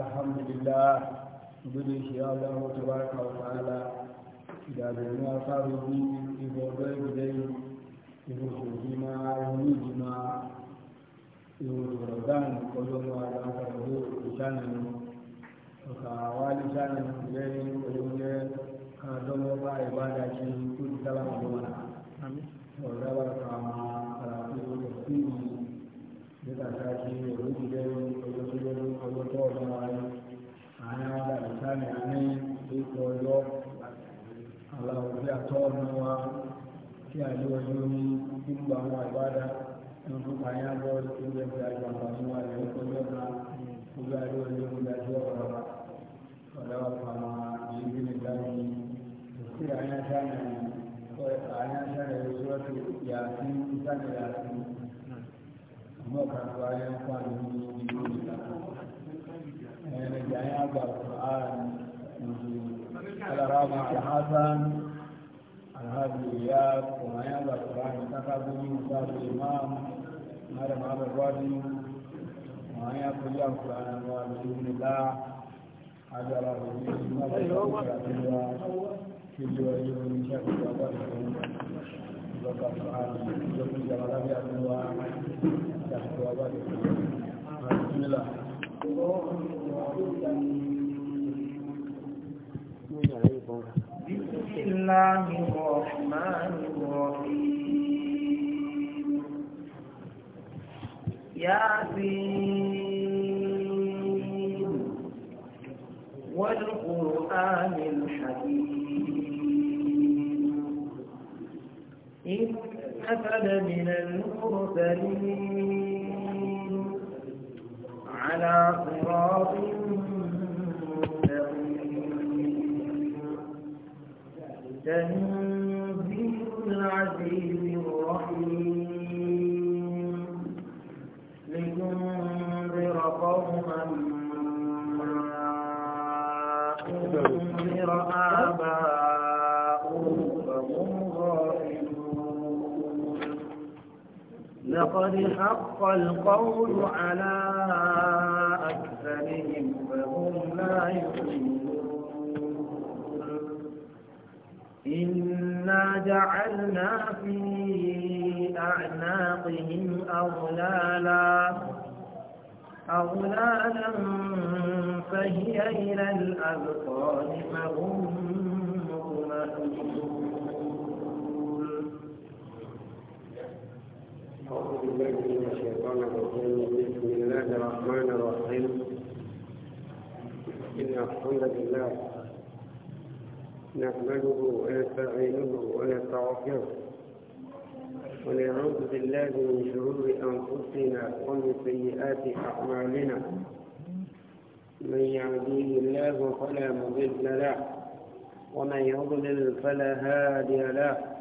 الحمد لله بدي شيء الله تبارك وتعالى إذا بنا صاروا إذا بيت دين إذا شوفنا ونجنا إذا رمضان كل يوم على كله إنسان وكوالي إنسان غير كل كادم وبا إبادة شيء كل سلام علينا. آمين. ولا بركة káàkiri òun ti dẹ́rù ọjọ́ tó dẹ́rù ọjọ́ tó ọ̀dọ́ wa ní àárín àwọn àdìsá ní àárín ètò ọjọ́ aláwọ̀ bí atọ́ ọ̀nà wa kí àjọ ọjọ́ ní gbogbo àwọn àgbàdá ní gbogbo àyà bọ́ ìgbẹ́ bí àjọ àǹfààní wa ní ọjọ́ náà gbogbo àjọ ọjọ́ ní ìdájọ́ ọ̀rọ̀ wa ọ̀dọ́ wa fà máa ní ibi nígbà ní sí muka bayan kwanani biyu da yana ya ga Qur'an Al-Rama Al-Hasan Al-Hadi Iyad kuma ya ga Qur'an ta ka gudu sa Imam Maryam Al-Rabi kuma ya kulla Qur'an wa bismillah ajara ne na da yawa في الجوائز من شاكر الله وبركاته وبركاته وبركاته وبركاته وبركاته بسم الله الرحمن الرحيم ياسين والقرآن الحكيم أكن من المرسلين على صراط مستقيم فقد حق القول على أكثرهم فهم لا يؤمنون إنا جعلنا في أعناقهم أغلالا أغلالا فهي إلى الأبطال فهم مطمئنون بسم الله الرحمن الرحيم إن الحمد لله نحمده ونستعينه ونستغفره ونعوذ بالله من شرور أنفسنا ومن سيئات أعمالنا من يهديه الله فلا مضل له ومن يضلل فلا هادي له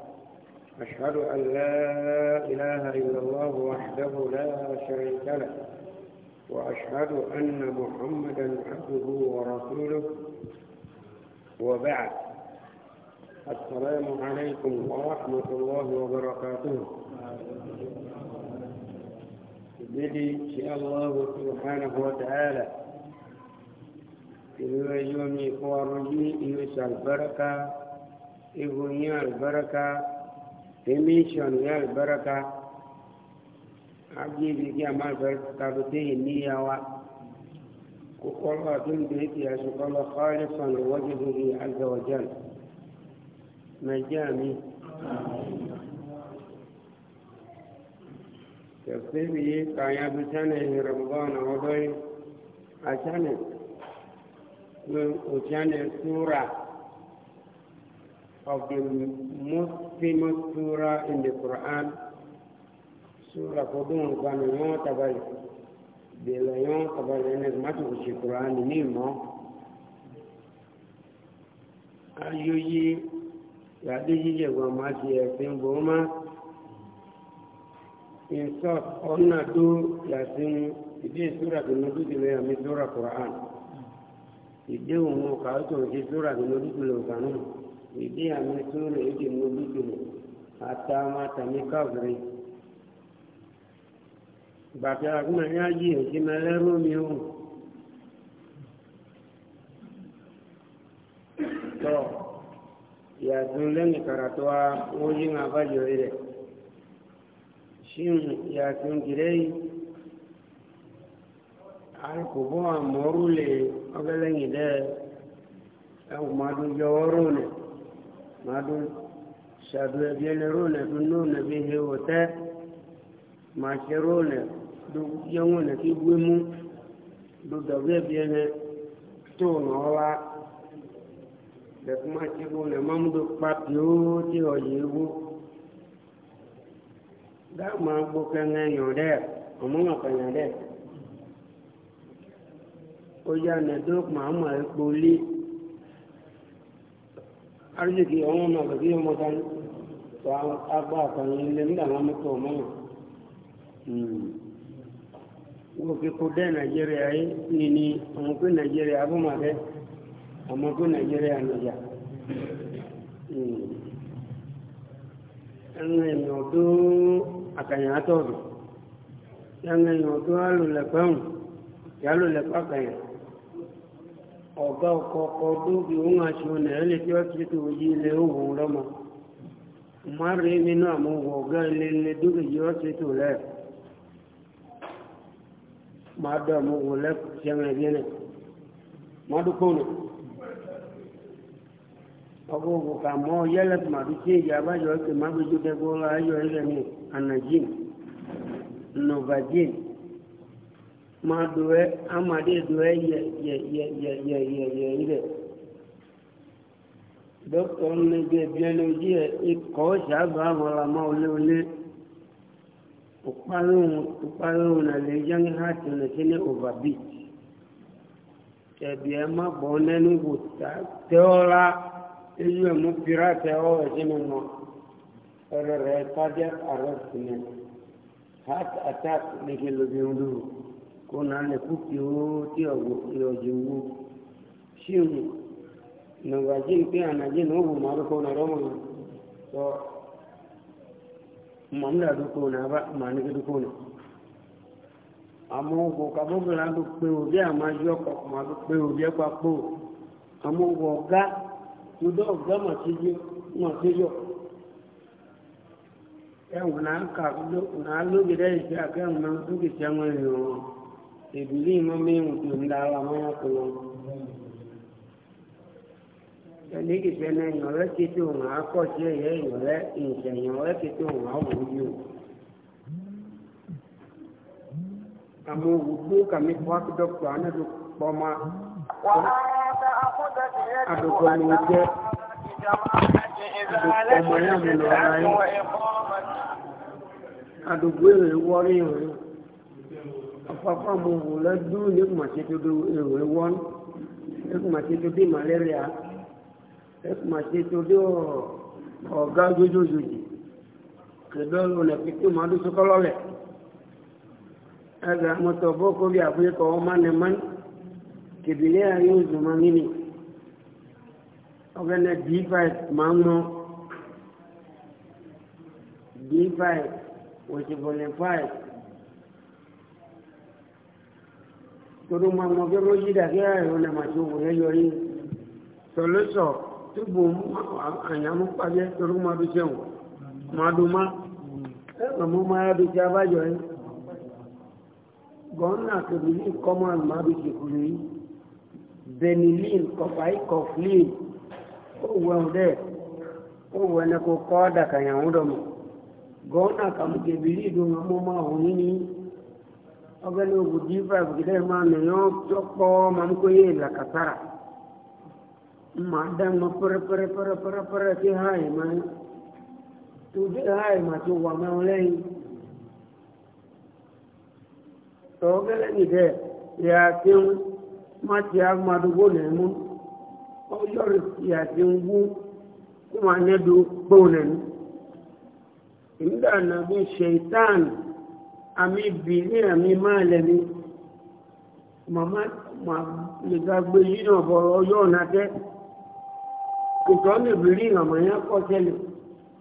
أشهد أن لا إله إلا الله وحده لا شريك له وأشهد أن محمدا عبده ورسوله وبعد السلام عليكم ورحمة الله وبركاته بدي شاء الله سبحانه وتعالى إذا يومي قوارجي إيش البركة إغنيا البركة تميشن يا البركة عبدي بيجي أمال بركة بتيه النية و وقال تمدك يا شكرا خالصا لوجهه عز وجل مجامي تفسيري كايا بسنة رمضان وضعي عشان وشان سورة of the most famous surah in the Quran, Surah Qudun Qanayon Tabal, the Lion Tabal, and as much as the Quran Nemo, ayoyi yàdé yíyẹ wà má ti ẹ̀sìn bò má ìsọf ọ̀nà tó yàsìn ìdí ìsúra tòun dúdú lẹ́yìn àmì sóra kùrán ìdí òun kàá tó ń ṣe sóra tòun dúdú lẹ́yìn kànú. ìdí àmì sóòrò èdè mú bíbélì àtàwọn àtàmì káfíìrì bàtà àgùnà ji ayé èsì mẹlẹrú mi tọ yàtún lẹ́nu kàràtọ wa wọn yí wọn abájọ rẹ ṣíun yàtún kìrẹ yìí alùpùpù àmọrù lè ọgẹlẹyìn dẹ ẹwùmọdún yọwọrọ nìyẹn. مادون شادنا بيلرون دنون به وتا ما شرون دو يومنا كي بومو دو دوغي بينا تون هوا لكما شرون ممدو بابيو تي وجيبو دا ما بوكنا يودا ومما كنا دا ojú ànàdó màá mọ̀ ẹ́ polí arziki ọmọ náà lọ sí ọmọ dání tó agbá àtàwọn ilé nígbà wọn mọ́tò ọmọ náà hmm. wọ́n fi kó dẹ́ nàìjíríà yìí ní ní àwọn pé nàìjíríà abúmọ̀fẹ́ àwọn pé nàìjíríà nìjà hmm. ẹnu ẹ̀yìn ọdún àkànyà àtọ̀dù ẹnu ẹ̀yìn ọdún alùlẹ̀pẹ̀hùn ìyálùlẹ̀pẹ̀ àkànyà ọ̀gá ọkọ̀ọ̀kọ̀ dóbi òun àṣọ nẹ̀ẹ́lẹ̀ tí ó ti tó yí ilẹ̀ òwò rọ́mọ márùn ún nínú àwọn òwò ọ̀gá ilé ilé dóbi yí ó ti tó lẹ́ẹ̀ máa dọ̀ mú òwò lẹ́kùn sí ẹ̀rọ ẹ̀bí ẹ̀ máa dúpọ̀ nù ọgbọ́ òwò kà mọ́ yẹ́lẹ̀ tó máa fi ìyá abájọ́ ọ̀kẹ́ má gbẹjọ́ dẹ́gbọ́ ayọ̀ ẹ̀rẹ̀ mi ànàjìn nùbàjìn máa do ẹ amade do ẹ yẹ yẹ yẹ yẹ yẹ yẹ yẹ yìí dẹ dókítà nígbà bíẹ́ni ojú ẹ ikọ̀ ṣàbà àmọ̀làmọ́ olé olé òparí òun nà lè jẹ́ ní hàtì nà sí ní overbeat tẹ̀bí ẹ má bọ̀ nẹ́nu wò tẹ́ọ́lá eyín ẹ̀ mú pirate ọ̀ ẹ̀ sínú mọ́ ẹ̀rọ rẹ̀ cardiac arrest ni heart attack ní kí ló bí ń dúró kó náà lè kú kí owó tí ọjọ́ owó ṣíun nàgbàjì pé ànàjì náà wò máa rúkọ náà rọ́mọ̀ sọ mọ̀mílà dúkọ náà bá màá ní dúkọ náà àmọ́ ọgbọ̀n kàbọ́gbọ̀n ló pé òbí àmájú ọkọ̀ máa ló pé òbí ẹ̀pà pò àmọ́ ọgbọ̀n ọ̀gá tó dọ́ ọ̀gá mà tó yọ ẹ̀wọ̀n náà kà náà lóbi rẹ̀ ìṣe àkẹ́wọ̀n náà tó kìí ṣẹ́wọ̀n ìrìn ọ̀rọ̀. Ebili mọ́ mi ń dára mọ́yà kó lọ. Ẹni kìfẹ́ náà èèyàn rẹ̀ kété òun á sí rẹ̀ ìṣẹ̀ èèyàn rẹ̀ kété òun á wò ó o. Àmọ́ òwúgbó kàmí ni ọmọ yà mí lọ ara yín. afakwa mungu la du ni kumacheto du ewe won e kumacheto di malaria e kumacheto di ọ̀gá jójójòjì kìdọ́lù nà pípé máa dúsù kọ́lọ́lẹ̀ ẹgbẹ̀ mọ́tọ̀ bọ́kó bí àfíríkọ̀ ọmọ nẹ̀mán kìbìlẹ̀ ayé òzùmọ́ nínú ọ̀gẹ́nẹ̀ d5 máa ń mọ́ d5 òṣìbọ̀lẹ̀ 5 toro ma mọ bí wọ́n yí dàbí àìrùn náà màtí òwò yẹn yọ yín tọ́lọ́sọ̀ tó bò àyàmú pàjẹ́ toro ma bí sẹ́wọ̀n máa dùn má ẹ̀rọ mú máa bí ti abájọ yín gọ́nà kìrì kọ́mọ̀n máa bí ti kùrì benilin kọfàí kọflin ó wẹ̀ ọ̀dẹ́ ó wẹ̀ ẹni kò kọ́ dàkàyàwó dọ̀mọ̀ gọ́nà kàmùkẹ́bìlì dùn ọmọ máa wọ̀ yín ní ọgbẹ́ni ogun dífà gidẹ́ máa nìyàn jọpọ̀ máa ń kó yé làkàtàrà mà á dá mọ pẹ́rẹ́pẹ́rẹ́pẹ́rẹ́pẹ́rẹ́ tí háì máa ń tó dé háì máa ti wà máa lẹ́yìn tọ́gẹ́lẹ́ nìdẹ́ ìyá tí ń má ti agbádùgbò nẹ̀ mú ọjọ́ rẹ̀ ìyá tí ń wú kó máa nẹ́dùn gbóhùn nẹ̀ mú ìmúdànà bí ṣe ìtàn àmì ìbì ní àmì máa lẹ́ni màmá lè gbàgbé yìí náà bọ̀rọ̀ ọjọ́ ọ̀nà tẹ́ ìtọ́ níbi rí àmọ́ yẹn kọ́ tẹ́lẹ̀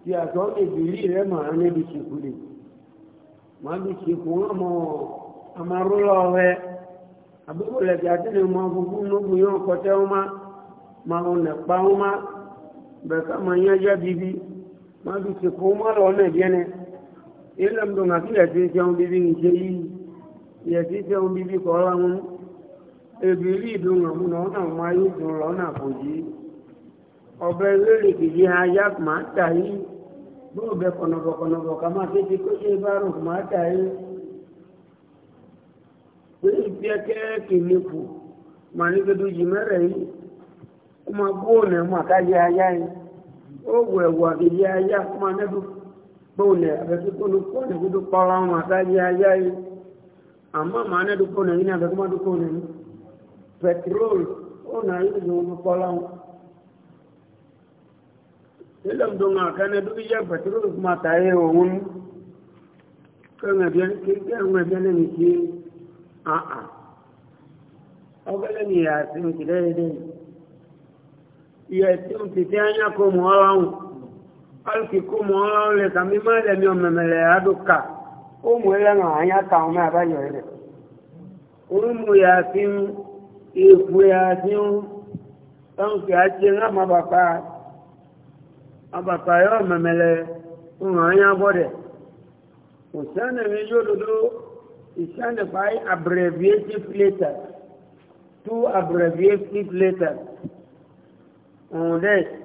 tí àtọ́ níbi rí rẹ̀ màá níbi ṣìkú lè màá bí ṣìkú wọn mọ àmàrúlọ rẹ àbúkù lẹ̀kẹ́ àtẹ́lẹ̀ mọ gbogbo nógun yóò kọ́ tẹ́ wọn má màá wọn nà pa wọn má bẹ̀ká màá yẹn jẹ́ bíbí màá bí ṣìkú wọn lọ náà ilé ń dùn àti ìyẹ̀tí ìṣẹ́un bíbí ń ṣe yìí ìyẹ̀tí ìṣẹ́un bíbí kọ́ láwọn ebi ilé ìdùn àwọn ọ̀nà máa yóò dùn lọ́nà kò yí ọbẹ̀ lórí kìí máa tà bẹ ká máa tètè kó ṣe bá máa tà pé kù màá ní gbẹdú yìí mẹ́rẹ̀ máa ẹ̀ ó wù ẹ̀wù máa bóòlẹ̀ abẹ́kíkọ́lùkọ́ ní kúdú pàwọ́ àwọn àtàjẹ́ ayá yìí àmọ́ màá ní dúkọ́ nẹ̀ yìí ní abẹ́kọ́mọ́ dúkọ́ nẹ̀ ní pẹtrol ó nà yìí ní wọn pọ́lá wọn. ilẹ̀ mdùnmọ̀ àkànnẹ́ dúkú jẹ́ pẹtrol kúmọ̀ àtàyè òun kẹ́hìn ẹ̀bí ẹni kí àà ọgẹ́lẹ́ ni ìyà àti òkìlẹ́ yìí dẹ́yìn ìyà àti òkìlẹ́ alùpùpù mọ́ lẹ̀ tàbí má lẹ̀mí ọ̀mẹ̀mẹ̀lẹ̀ àdùkà ó mú ẹlẹ́ràn àyà ta ọmọ àbáyọ̀ rẹ̀ orúmù yà fi ń èkó yà fi ń tọ́ǹkì àti rámà bàbá àbàbà yọ ọ̀mẹ̀mẹ̀lẹ̀ ọmọ àyà bọ́dẹ̀ kò sẹ́ni mi yóò dodo ìsẹ́nìfàá abbreviative letters two abbreviative letters ọ̀hún dẹ́ẹ̀.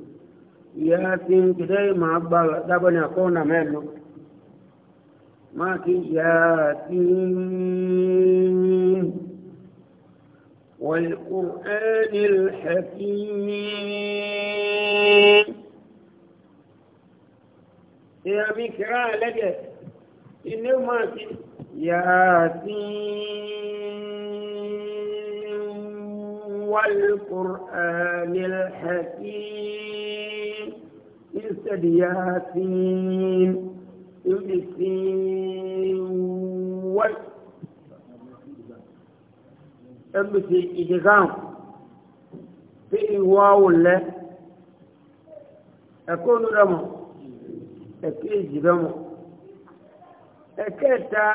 ya ti kidai ma ba da bane ko na melo ma ki ya ti wal qur'an al hakim ya bikra lage inna ma ki ya ti والقرآن الحكيم الياسين يلسين أبسي إدغام في واو لا أكون رمو أكيد رمو أكتا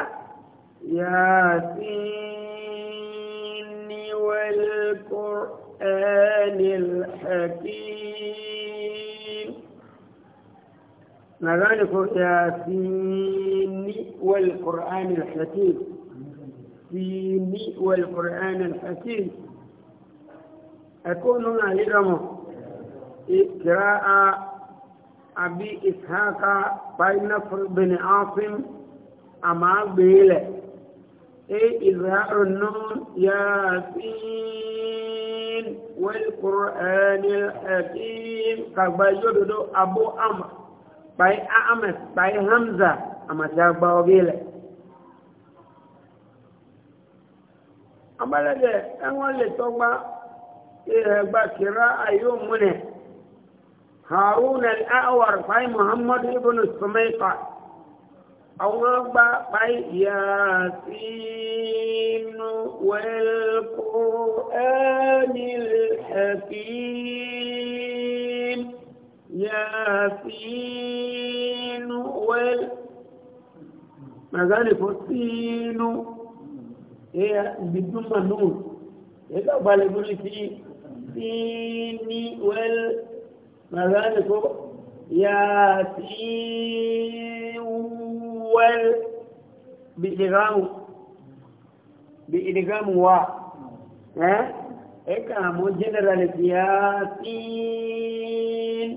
ياسين والقرآن الحكيم nadhani yasini walqurani alhakim sini walqurani alhakim akunu nahiramo iraa abi ishaqa bainafr bin asim ama beele e izharu nun yasin walqurani alhakim kagbayo dodo abu amr kpai ames hamza amasi agba ọbẹ lẹ abalẹdẹ ẹwọn lè tọgba ẹgbà kira ayé òmùnẹ harun al-awar kpai muhammad ibn ياسين وال مغالف السين هي بدون نون إذا بالغول في سين وال مغالف ياسين وال بإدغام بإدغام و ها إيه كامو جنرال ياسين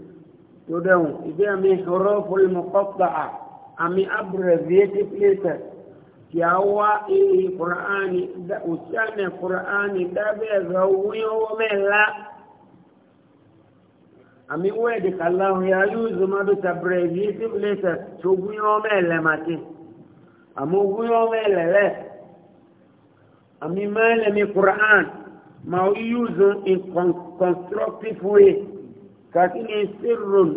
تدعو إذا من حروف المقطعة أمي abbreviated letters yawa iri ƙura'ani da usiane ƙura'ani da bai zaune omela ami uwe di kallahu ya yi zumadu ta breviative letters to gunye omele mati amu gunye omele le ami mele mi ƙura'an ma yi in constructive way كاتني سر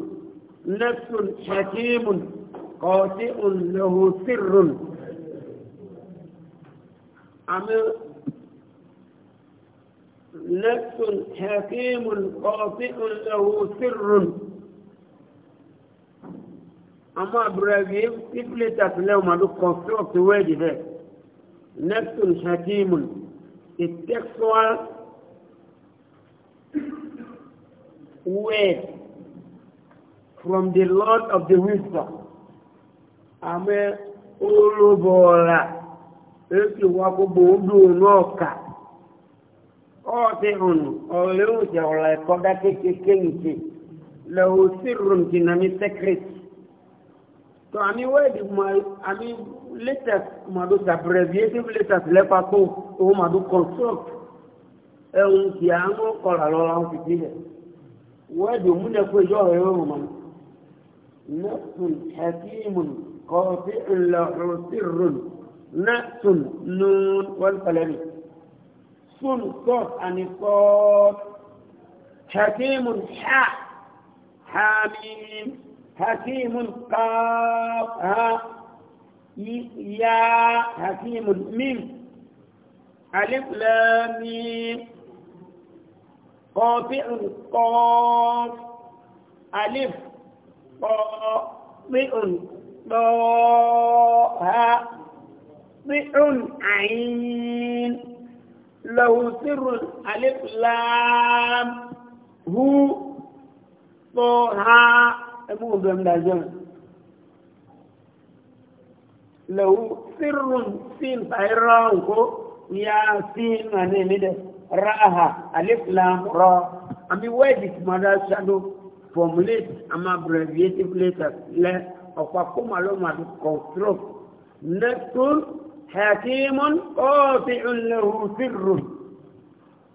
نفس حكيم قاطئ له سر أما نفس حكيم قاطئ له سر أما إبراهيم تفلت أفلام هذا كونستركت واجب نفس حكيم التكسوال word from the Lord of the wisdom. Àmẹ́ olóbọ̀ ọ̀rà èsì wa gbogbo odò náà kà. Ọ̀ọ́tí ọ̀nà ọ̀rẹ́ òjò ọ̀rọ̀ ẹ̀kọ́ dá kékeré nìke. Lẹ̀wọ̀ sí ròǹkì náà ní secret. So àmì word àmì latest màdó abbreviative latest lẹ́pàá tó òun màdó construct. Ẹ̀hún kì í àwọn kọ̀ọ̀rọ̀ lọ́la ń fi sílẹ̀ wadi mune ko jo yo man nafsun hakimun qati'un lahu sirrun nafsun nun wal qalam sun qaf an qaf hakimun ha hamim hakimun qaf ha ya hakimun mim alif lam mim قاطع قاف ألف قاطع ضاء ضع عين له سر ألف لام هو طه أبو بمدازم له سر سين فايرانكو يا سين أنا مدازم ra'aha alif lam ra ami word is mother shadow formulate am abbreviative letters le ọ̀pá kó ma ló ma tó construct neptune hakimun kọ́ọ̀tì ìlẹ̀hùn sírù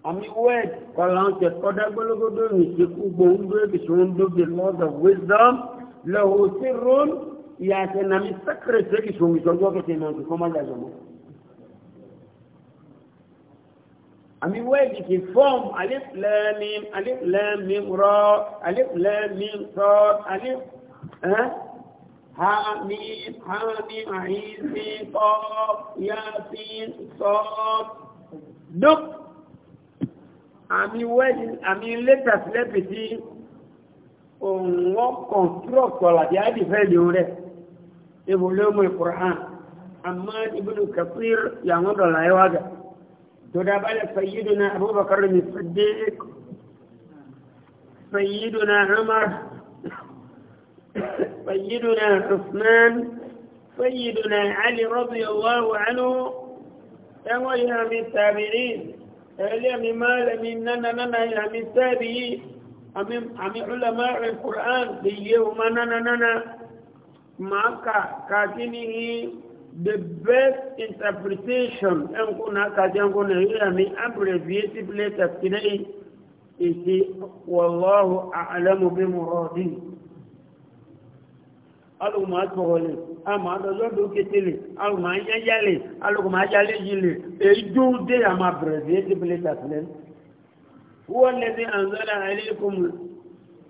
ami word kọ̀láńtẹ̀ kọ́dá gbólógódó mi ti kú gbòǹgbò ebi tí wọ́n dóbi lord of wisdom lẹ́hùn sírù ìyàtẹ̀ nàmi secretary tí wọ́n ìjọba kẹsẹ̀ náà ti fọ́nmá jàjọ̀ mọ́. àmì wẹ́ẹ̀dì kì fọ́ọ̀mù aliflẹ́mim aliflẹ́mim rọ aliflẹ́mim rọ alif ẹ́ hamim hamim àìsí kọ́ yasin sọ dùk àmì wẹ́ẹ̀dì àmì lẹ́tàs lẹ́pìtì òun wọ́n kọ̀ǹtúrọ̀kọ̀ làbí àdìfẹ́ ìlú rẹ̀ ibùdó mọ̀ ìkùrán àmọ́ ibùdó kẹfìr yàwọn dọ̀là ẹwà gà. تدابل سيدنا أبو بكر الصديق سيدنا عمر سيدنا عثمان سيدنا علي رضي الله عنه أولها من التابعين أولها من مال من ننا ننا من التابعين أمين علماء القرآن بيهما ننا ننا معك كاتنه the best interpretation ɗan kuna kajen kuna yi mi abbreviative letter today is the wallahu a'lamu bi muradi alùmọ̀ àtọ̀wọ̀lẹ̀ àmọ̀ àdọ́jọ́dọ̀ kétele alùmọ̀ ayẹ́yẹ́lẹ̀ alùmọ̀ ayẹ́lẹ̀ yìlẹ̀ èyí dúdé àmà abbreviative letter today wọ́n lẹ́dí àǹzọ́lá àìlẹ́kùn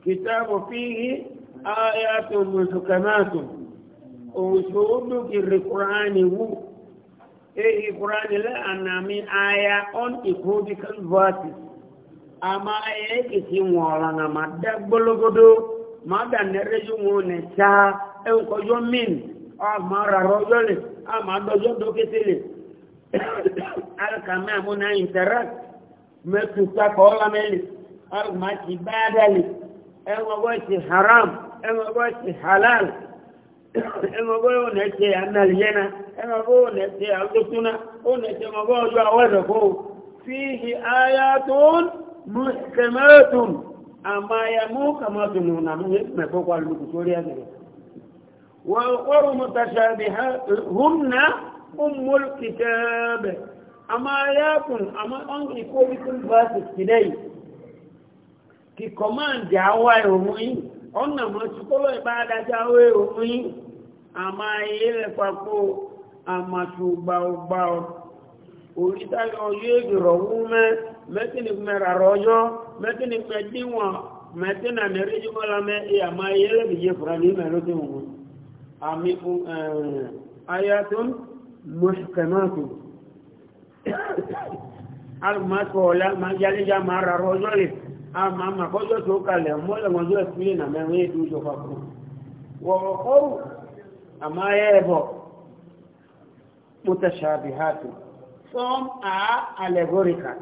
kìtàbù fíhí ayatun mùsùkàmátùn ojoodo ire kurani wu eyi kurani la anami aya on ecological verses ama aya eke e si na ŋa ma dɛ gbologodo ma da nere nwone ŋu ne saa eŋkɔ yɔ min ama rarɔ yɔ le ama dɔjɔ do kete le alikami amu na interest me tuta kɔ lame le alikami ati baada le eŋkɔ bɔ haram eŋkɔ bɔ ti halal. ẹmọgbọ yóò nẹsẹ analyena ẹmọgbọ yóò nẹsẹ alutuna ó nẹsẹ ọmọgbọ ọjọ àwọn ẹdọkọ fíhi ayatun muhkamatun àmàyàmú kàmátùnù nàmú mẹfọ kwalùkù sórí ẹgbẹrẹ wọn kọrù mùtàṣàbíhà hùnà ummul kitab àmàyàkùn àmà ọ̀nkì kóbi kúlù bá sixty nine kì kọ́máǹdì àwọn ẹ̀rọ yìí ọ̀nà mọ̀ tí kó lọ ìbá adájá wé òun yí àmà ilé rẹ̀ papò àmàtù gbàọgbà òrítàlẹ̀ ọjọ́ ìgbìrọ̀ wú mẹ́ mẹ́tìnì mẹ́ra rọjọ́ mẹ́tìnì mẹ́díwọ̀n mẹ́tìnà mẹ́rẹ́júmọ́lá mẹ́ àmà ilé rẹ̀ bìyẹ fúra ní mẹ́lódé wọn àmì ayatun mọ́ṣùkẹ́mọ́tò alùmọ́tò ọ̀la máa jálẹ́jà máa rà rọjọ́ yìí àmà àmà kọjọ́ tó kalẹ̀ mọ́lẹ̀ wọn yóò fílẹ̀ mẹ́rin èdè òjò papọ̀ wọ̀rọ̀ kọ́rù àmà ẹ̀bọ̀ mutashabihatu some are allegorical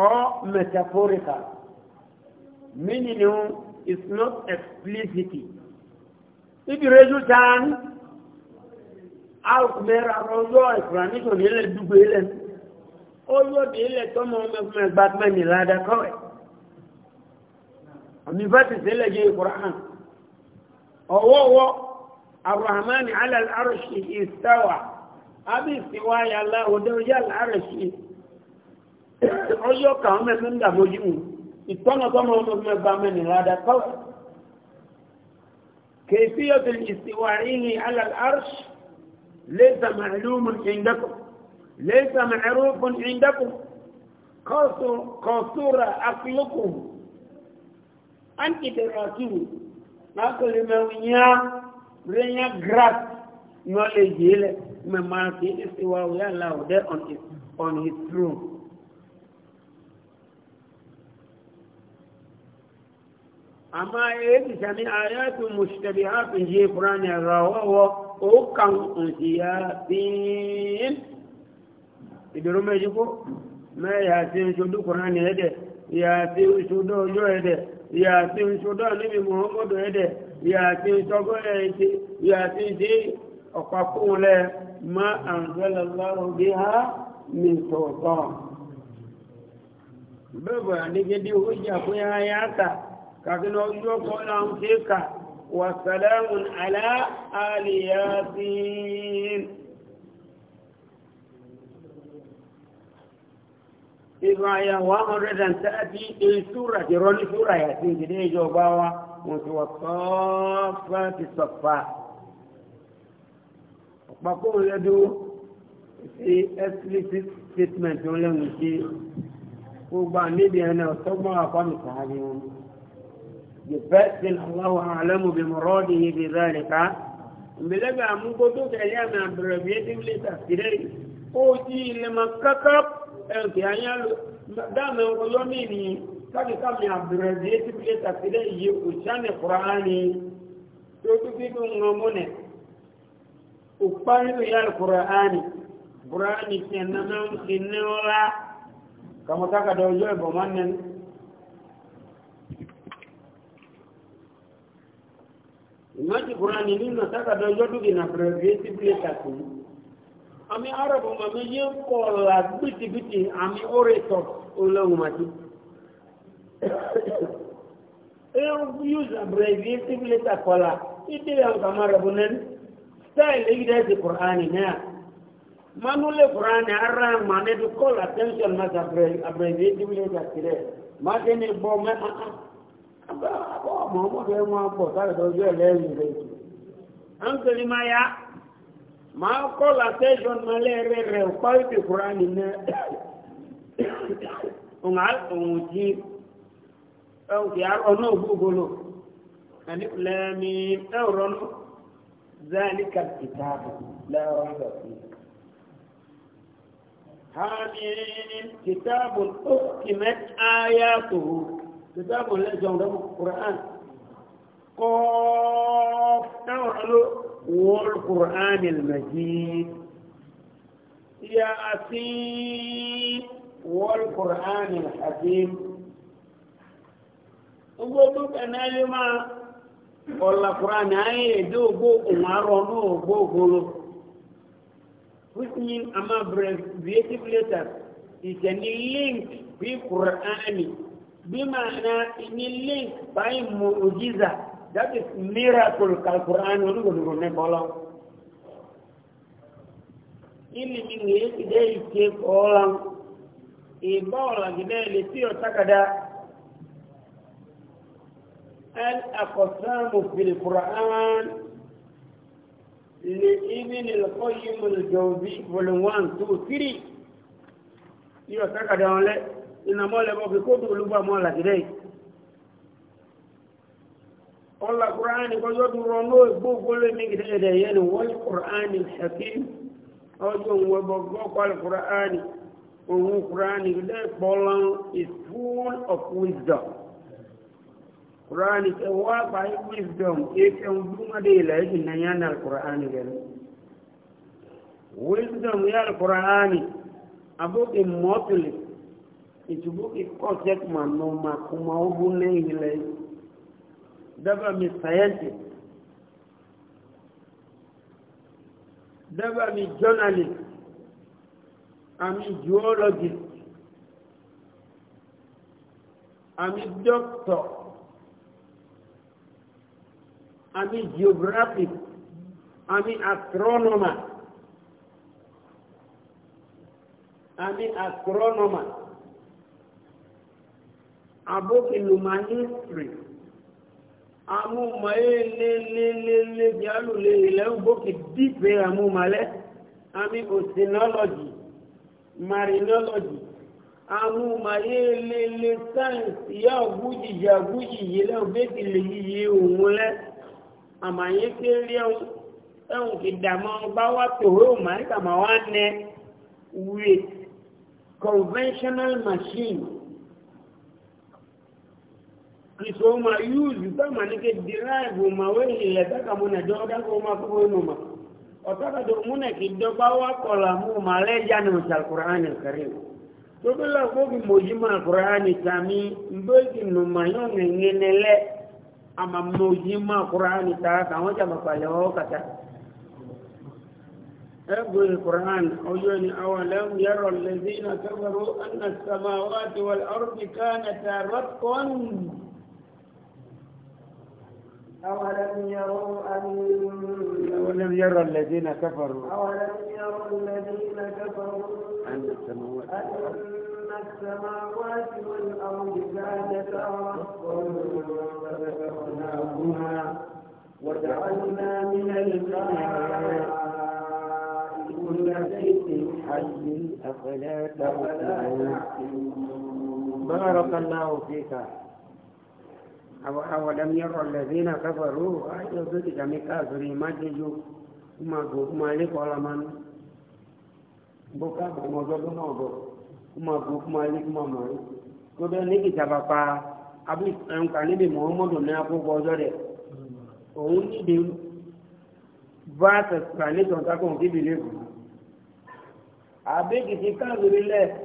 or metaphorical meaning is not explicit if you raise your hand out mẹ́ra ọjọ́ explanation ilẹ̀ dùgbò ilẹ̀ ó yóò dé ilẹ̀ tọ́mọ ọmọ ẹgbẹ́ gbàgbẹ́ nìlá dákọ́rẹ̀ university lẹ́jẹ́ ìkùrán ọwọ́wọ́ arahman alal arshi istawa abi istiwa ya láwọ́ dẹ́wọ́jẹ́ alárẹ̀ṣì ọjọ́ kàwọn mẹ́fẹ́ ń dàbójú mu ìtọ́nà tọ́nà ọmọ mẹ́fà mẹ́ni rádá kọ́wẹ́ كيفية الاستوائيه على العرش ليس معلوم عندكم ليس معروف عندكم قصر, قصر عقلكم anti de rasuru na ko le me nya renya grass no le yele me ma ti is e wa ya la o on his on his throne ama e bi sami ayatu mushtabihat je qur'an rawa, o kan unsiyatin idoro me jiko me ya se jodu qur'an ede ya se jodu ojo ede yàtí ìṣòdọ́ níbi muhammadu ẹ̀dẹ̀ yàtí ìṣọgọ́rẹ̀ ẹ̀ṣẹ́ yàtí ìṣe ọ̀pákúnlẹ̀ ma àǹzẹ́lẹ̀lọ́rọ̀ bí ha ní sọ̀tọ̀ bẹ́bẹ̀ àdígẹ́dí hujja kó yá yáta kàkínà ojú ọkọ̀ náà ń ṣe kà wàsàlámùn alá ìgbà ya 130 in súra jẹ́rọ ní súra yà sí ìdílé ìjọba wa wọ́n ti wà sọ́fà ti sọ̀fà ọ̀pàkó lẹ́dú sí explicit statement wọn lẹ́nu sí gbogbo àníbi ẹ̀nà ọ̀sọ́gbọ́n àpamìta rí wọn the best thing allahu alamu bi mọ̀rọ́dì yìí bi zálìká ìgbélẹ́gbẹ̀ àmúgbó tó tẹ̀lé àmì àbẹ̀rẹ̀ bí i ti ń lè tàbí rẹ̀ ó ti ilẹ̀ mọ̀ kákáp ẹnkì anyálò dáàmì ọlọ́mì ni káàkiri mi àbúrẹ̀dì etí fi létà sílẹ̀ iye òṣìṣàní kùránì tó tó fi fi ń mú nẹ̀ òpáyínú yàrá kùránì kùránì tiẹ̀ nánà ń fi ní ńlá kàmọ́tàkàdà ọjọ́ ìbọn máa nẹ́nu. ìmọ̀tí nínú sákàdà ọjọ́ dúkìá na bẹ̀rẹ̀ bí etí àmì arọ̀bù àmì yíò kọ̀ọ̀lá gbìtìgbìtì àmì orétọ̀ olóhùnmájú ẹ̀rọ use abbreviative letter kọ̀ọ̀lá ìdí àwọn àmì arọ̀bù nẹ́nu style yìí dẹ́sì kùránì náà manule kùránì ara mànẹ́dù call attention mass abbreviative letter kìlẹ̀ máa dé ní bọ́ mẹ́ ah, ah. àbọ̀ ọmọ ọmọdé wọn bọ̀ sáré lọ́jọ́ ẹlẹ́rìí rẹ̀ àǹkẹ́lì máa kọ́ látẹ́jọ́n malẹ́ rẹ̀ rẹ̀ ọ̀pá ìpè kúrá nínú ọ̀hún tí ọ̀kì ọ̀nà ògbógbòlò lẹ́ẹ̀mí ẹ̀rọ ذلك الكتاب لا ريب فيه حامين كتاب أحكمت آياته كتاب لجنة القرآن قاف أورلو والقرآن المجيد يا أسيم والقرآن الحكيم gbogbo ẹ̀nàlẹ́ máa ọ̀làkùrá ní ayé èdè ògbó òmàrọ̀ ní ògbó ògbóró which means ama abbreviative letters is a link bí kùránì bí màá ní link báyìí mú òjìzà that is miracle kalkuran onu godugo ne bolo ili mingi ide ike kolam ibola gide lisio takada al aqsamu fil quran li ibn al qayyim al jawzi volume 2 3 iyo takada ole ina mole bo ko du luba mola gide kola qur'ani ko yodu rono e bo gole mi gide de yen wal qur'ani hakim o jo wo bo go kal qur'ani o is full of wisdom qur'ani e wa by wisdom e ke duma de la e na yan al qur'ani de wisdom ya al qur'ani abo e motul itubu e concept man no ma kuma obu دفع من ساينتست دفع من جورناليست àmì geologist àmì doctor àmì geographic àmì astronomer àmì astronomer abokinuma history amúmọ̀ yé lélélélé bí alùlé ilẹ̀ ògbókè dìpẹ́ amúmọ̀lẹ́ àmì òsínọ́lọ́jì marinọ́lọ́jì amúmọ̀ yé lélé sáyẹ̀nsì yá ògbújìjì àgbújìjì lẹ́ òbẹ́kì lè yíyí òun lẹ́ àmàyé kéré ẹ̀hùn kì dàmọ́ bá wá tòwé òmàríkà máa wá nẹ with conventional machine kisoma yuzu kama nike dirive mawehi yataka munajoda kuma kuhumuma otaka do muna kidoba wakola mu maleja ni mcha alqur'ani alkarim to bila kogi mojima alqur'ani tami mbeki numayo ngenele ama mojima alqur'ani ta kama chama pale okata أبو القرآن أجوني أولم يرى الذين كفروا أن السماوات والأرض كانتا رتقا أولم يروا أن أولم يرى الذين كفروا أولم يرى الذين كفروا أن السماوات أن السماوات والأرض كانتا رتقا وجعلنا من الماء كل شيء حي أفلا تعقلون بارك الله فيك أولم يرى الذين كفروا أيضا كم كافرين ما تجوا ما قوم ما لك ولا من بكا ما جوا ما جوا ما قوم ما لك ما ما كده نيجي تبقى أبي أم كان يبي محمد ونأكل بوجوده òun níbi bá tẹ̀sán ní tọ̀ntàkùn bíbélì kù àbí kìí káàkiri lẹ́ẹ̀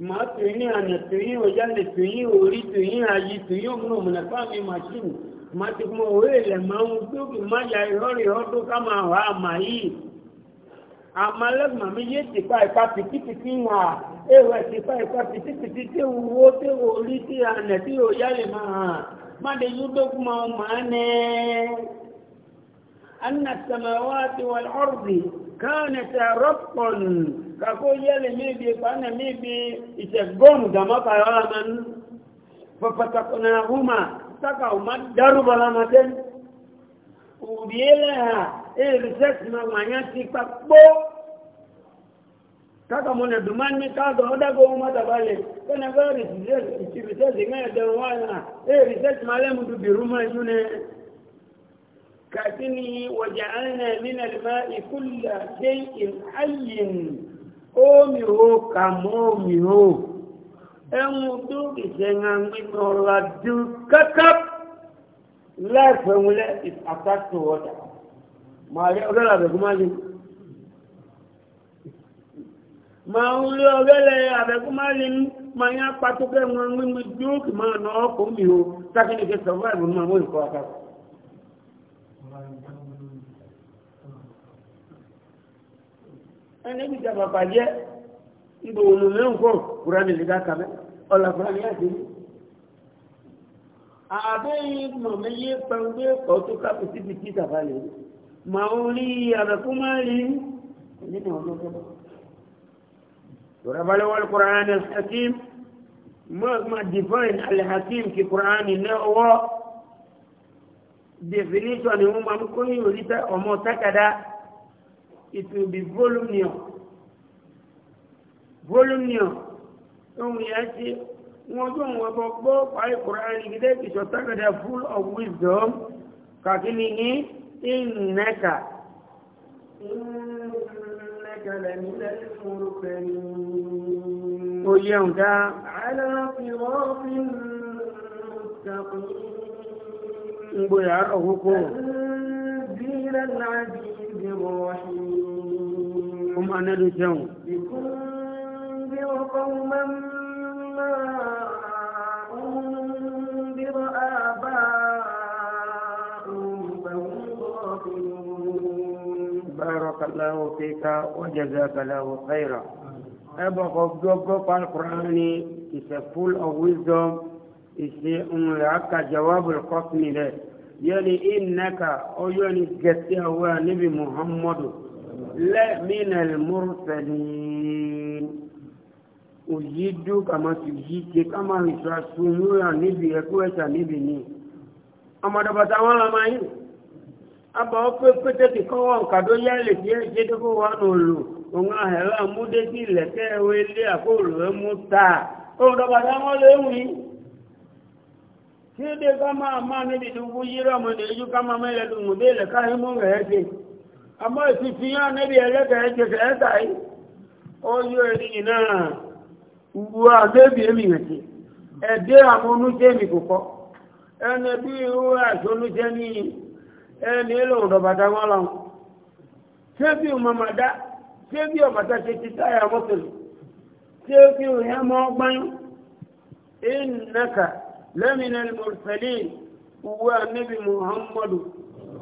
ma tuyini ana tuyi ojande tuyi ori tuyi ayi tuyi omuno munafa mi machine ma ti mo wele ma un tuki ma ya irori odo kama wa ma yi amale ma mi ye ti pa ipa pitipiti wa ewe ti pa ipa pitipiti te wo te ori ti ana ti oyale ma ma de yudo kuma ma ne anna samawati wal ardi كانت ربا كاكو يلي ميبي فانا ميبي يتقوم دما قراما ففتقناهما تقعوا مدر بلامتين وبيلها إرسس مغانياتي فاكبو kaka mwana dumani kaga odago umata bale kana gari research research ngaya dawana eh research male mtu biruma yune كأثنه وجعلنا من الماء كل شيء حي أومه كمومه أمدوك سنعم نولدوك ككب لا فمولا إذ أتاك وضع ما يقول لك ما máa ń lé ọ̀rẹ́lẹ̀ àbẹ̀kúmálin máa ń yá pàtókẹ́ wọn mímú jókì máa nà ọkùnrin mi o sákìlì kẹsàn-án báyìí mo máa mú ìkọ́ àkàkọ́. ẹnẹ́bí ti àbàbà jẹ́ ibò olùmíràn kan kúránì lè dá kàmẹ́ ọ̀là kúránì láti rí àbẹ́yìn mọ̀mẹ́yẹ pẹ̀lú ọ̀tún kápẹ́ síbi tí ìtàbà lè rí màá rí àbẹ̀kú máa rí nínú ọlọ́gbọ́n وربنا والقرآن الحكيم ما ما ديفاين الحكيم في قرآن نوى ديفينيشن هم ممكن يريد أمو تكدا it will be voluminous voluminous ohun yẹn ti wọ́n tó ń wọ́pọ̀ gbọ́ parí kùránì gidẹ́ ìṣọ̀tàkàdà full of wisdom kàkiri ní ìnẹ́kà إنك لمن المرسلين ويوم على صراط مستقيم بيعه تنزيل العزيز kuma na da jan بارك الله فيك وجزاك الله خيرا أبقى جوجو القرآن is a full of wisdom is the unlaka um, jawab al-qasmi le yani innaka o yani gaskiya wa nabi muhammadu لمن المرسلين ujidu kama tujike kama nisasunuya nibi ekueta nibi ni amadabata wala mai aba ope pete ti ko won ya ti je de ko wa no lu onga hela mude le ke we le akolo muta o do ba da mo le wi kama ni àmọ́ ìfìfihàn níbi ẹlẹ́kẹ̀ẹ́kẹ̀ẹ́ ẹ́tàí ó yóò ènìyàn náà wà débi èmì ẹ̀tì ẹ̀dẹ́ àwọn onújẹ́mì kòkọ́ ẹni bí ó àṣọ onújẹ́ ẹni èlò ọ̀dọ̀bàdà wọn lọ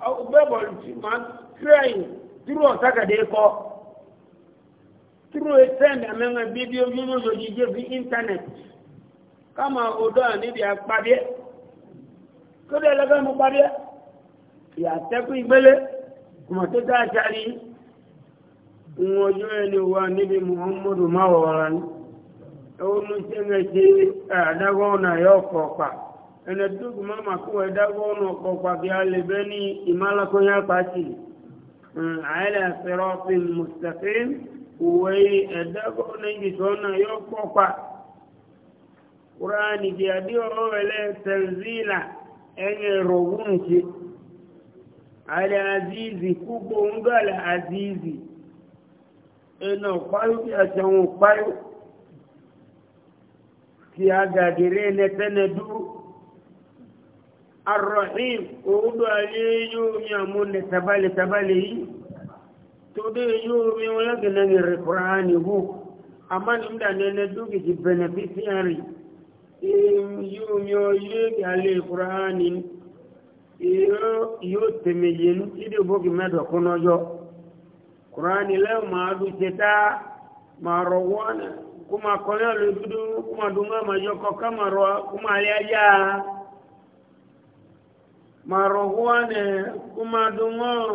bẹ́ẹ̀bọ̀ tí máa tíráyìn dúró ọ̀sákàdé kọ́ dúró sẹ́ndì àmẹ́rin fídíò fídíò lójíjé fi íńtánẹ̀tì káàmà odò níbi àpàdé kódé ẹlẹ́gbẹ́ mú pàdé ìyàtẹ́kù ìgbélé kùmọ̀tẹ́tà àṣàrí ìwọ̀n ojú ẹni wa níbi muhammadu máwọ̀ wọ́n ní ẹwọ́n ní sẹ́ńgẹ̀ sí àdágọ́ ọ̀nà yóò kọ̀ pàá ene dugu mama kuwa e dagono ko kwa gyale beni imala ko ya pati mm, ala siratin mustaqim uwei edago nengi sona yoko kwa qurani ji adio wele tanzila enye rogunchi ala azizi kubo ungala azizi ena kwayo ki achan kwayo ki agadire ne tene duru arrahim orúdó ayé yóò mi àmú lè tàbálẹ̀ tàbálẹ̀ yìí tó dé yóò mi wọn lẹ́gẹ̀ẹ́ ní rẹ̀kùránì hù àmá ní ìdánilẹ́ dúkìtì beneficiary yóò mi ọ yé gàlẹ̀ rẹ̀kùránì yóò tẹ̀mẹ̀ yẹn ìdí bókì mẹ́dọ̀ kún ọjọ́ kùránì lẹ́wọ̀ máa dùn ṣe tá máa rọ̀ wọ́n kuma kọ́lẹ́ lójúdú kuma dùn máa máa yọkọ̀ ká máa rọ̀ kuma alẹ́ ajá marohuane kuma dungo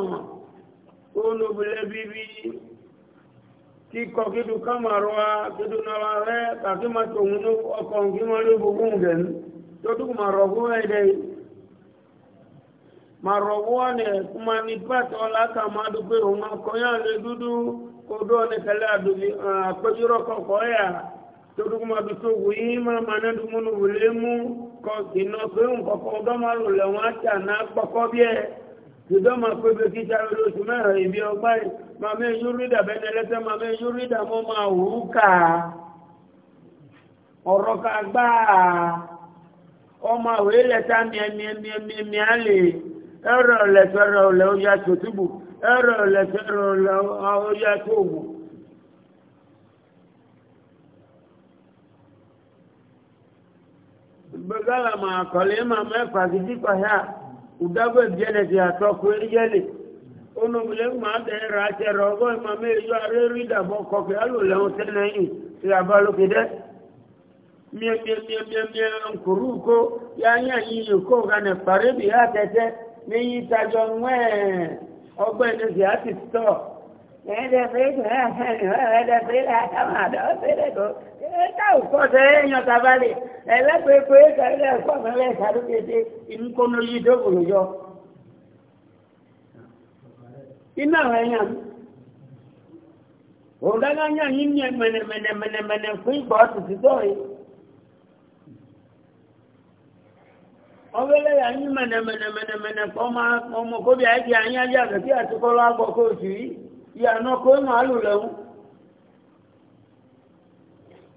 kulu bile bibi kiko kitu kama roa kitu na wale kakima tungunu okongi malubu bungen totu marohuane dei marohuane kuma nipato laka madupe uma dudu kodo ne kala adubi akojiro uh, kokoya totu kuma bitugu ima manandu munu kọ́ ìná pé nǹkọ̀kọ́ ọdọ́mà lò lẹ́wọ̀n àti àná pọ̀kọ́ bí ẹ ìdọ́mà pé bí kí sáré lóṣù mẹ́rin ìbí ọgbà yìí màmí yóò rí dàbẹ́ ní ẹlẹ́sẹ̀ màmí yóò rí dàmọ́ máa wù ú kà á ọ̀rọ̀ ká gbà á ọmọ àwọn ẹlẹ́sà mìẹ́mìẹ́mìẹ́mìẹ́ á lè ẹ̀rọ lẹ́sẹ̀rọ̀ lẹ́ ó yà tó túbù ẹ̀rọ lẹ́sẹ̀rọ̀ lẹ́ ó begala ma akọle ma me kwa gidi kwa ya udagwe biene ti ato kweli jeli ono bile ma de ra che rogo ma me yo are rida bo ko ti ya nya ta ẹ̀ka òkọ́sẹ̀ ẹ̀yàn tabalẹ̀ ẹ̀lẹ́gbẹ̀ẹ́kọ́ ẹ̀ka ẹ̀ka ẹ̀kọ́mọ̀lẹ́ ìsàdókèdè ìmúkọ́nà yìí dókòrò yọ. iná àwọn ẹ̀yàn òǹdàgáyà yìí ní mẹ̀nẹ̀mẹ̀nẹ̀mẹ̀nẹ̀ fún ìgbà ọ̀tùtù tó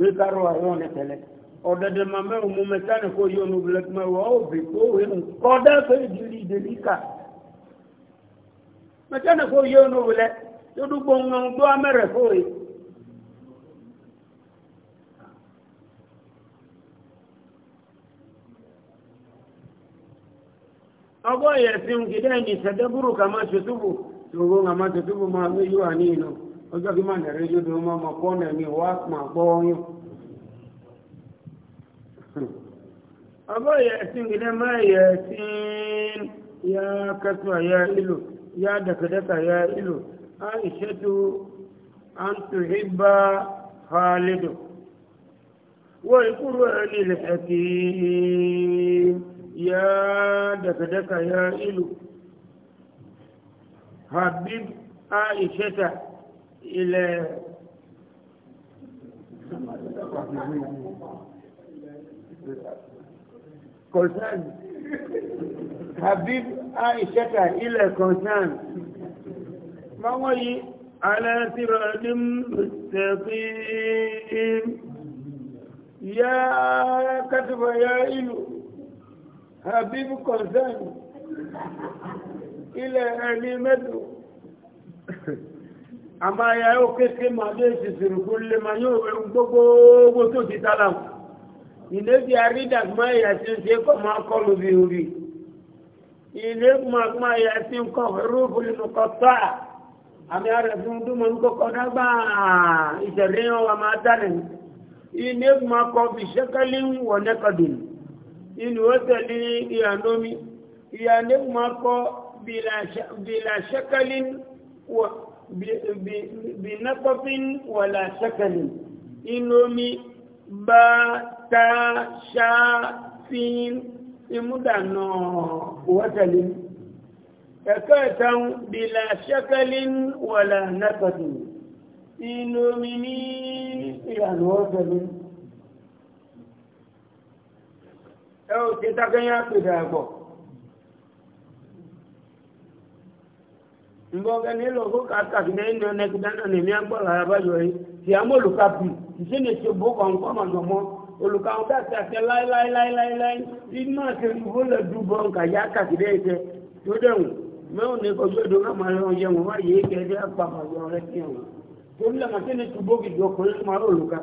wíkárò àwọn ọ̀nẹ́tẹ̀lẹ̀ ọ̀dẹ̀dẹ̀ mamẹ́ òmùmẹ́tánì kò yí ọ̀nà òbílẹ̀kùnmẹ́ wà ó bì kó wẹ́nu kọ́dá fẹ́ ìdílé ìdílé kà mẹ́tánì kò yí ọ̀nà òbílẹ̀ yódúgbò ńlọ tó amẹ́rẹ̀ fóòye. ọgọ́ yẹ̀sìn kìdẹ́ ní sẹ̀dẹ́bùrù kàmá tutubu tòwó kàmá tutubu máa wíyú àníyàn náà ọjọ́ bí máa nẹ̀rẹ́ lóde ọmọ ọmọ kọ́ ọ̀nà mi wá máa gbọ́ ọyún. ọbọ̀ yẹ sí ilé máa yẹ sí ya kẹtùwà ya ìlú ya dẹ̀kẹ̀dẹ̀kà ya ìlú a ìṣètò àǹtòhìbá halidu wọ́n ìkúrò ẹni lẹ́ẹ̀kì ya dẹ̀kẹ̀dẹ̀kà ya ìlú habib a ìṣètò ilẹ̀ concern Habib Aishata ilẹ̀ concern báwọn yìí alẹ́sìrọ̀dún mustaqim ya katiba ya ilu Habib concern ilẹ̀ ẹni mẹ́dùn àmá ya yóò kéèké máa dé ìsìsìrì kó lè máa yóò ẹ̀rù gbogbo tó ti tálà ilé bí àrídà máa yà sí ṣe kọ́ máa kọlù bí orí ilé máa yà sí nǹkan rúfù nínú kọtà àmì ààrẹ fún dúmọ̀ ní kọ́kọ́ dágbà ìṣẹ̀lẹ̀ yẹn wà máa dálẹ̀ ilé máa kọ bí ṣẹ́kẹ́lì wọ̀ nẹ́kọ̀dùn inú ó tẹ̀lé ìyàndomi ìyàndomi máa kọ bìlà ṣẹ́kẹ́lì wọ̀ binakofin wala sakali ilomi ba ta sha fi imudana watalin ẹ̀kọ́ẹ̀tàn bila shakalin wala nakadin ilomi ní ìyànà watalin ẹ̀ o ti takẹ́yà pẹ̀lú àgbọ̀ ngọga nílò kó kàkàkì ní ẹni ọ̀nà ẹ̀kú dáná ní ẹ̀mí agbọ́lá abájọ yìí tí a mọ̀ olùkàpì ìṣe ní ṣe bó kàn kọ́ màgbọ̀n mọ́ olùkà àwọn káàkiri àti láíláíláíláí iná àti ìbò lè du bọ́ nǹkan yá kàkì dé ẹ̀jẹ̀ tó dẹ̀wọ̀n mẹ́wọ̀n ní kọjú èdè náà máa yọ ọjọ́ wọn wá yéé kẹ́ ẹ̀dẹ́ àpapàgbọ̀ rẹ̀ sí ẹ̀wọ̀n tó ní lẹ́mọ̀ tí ní ṣubú gidi ọkùnrin máa rọ olùkà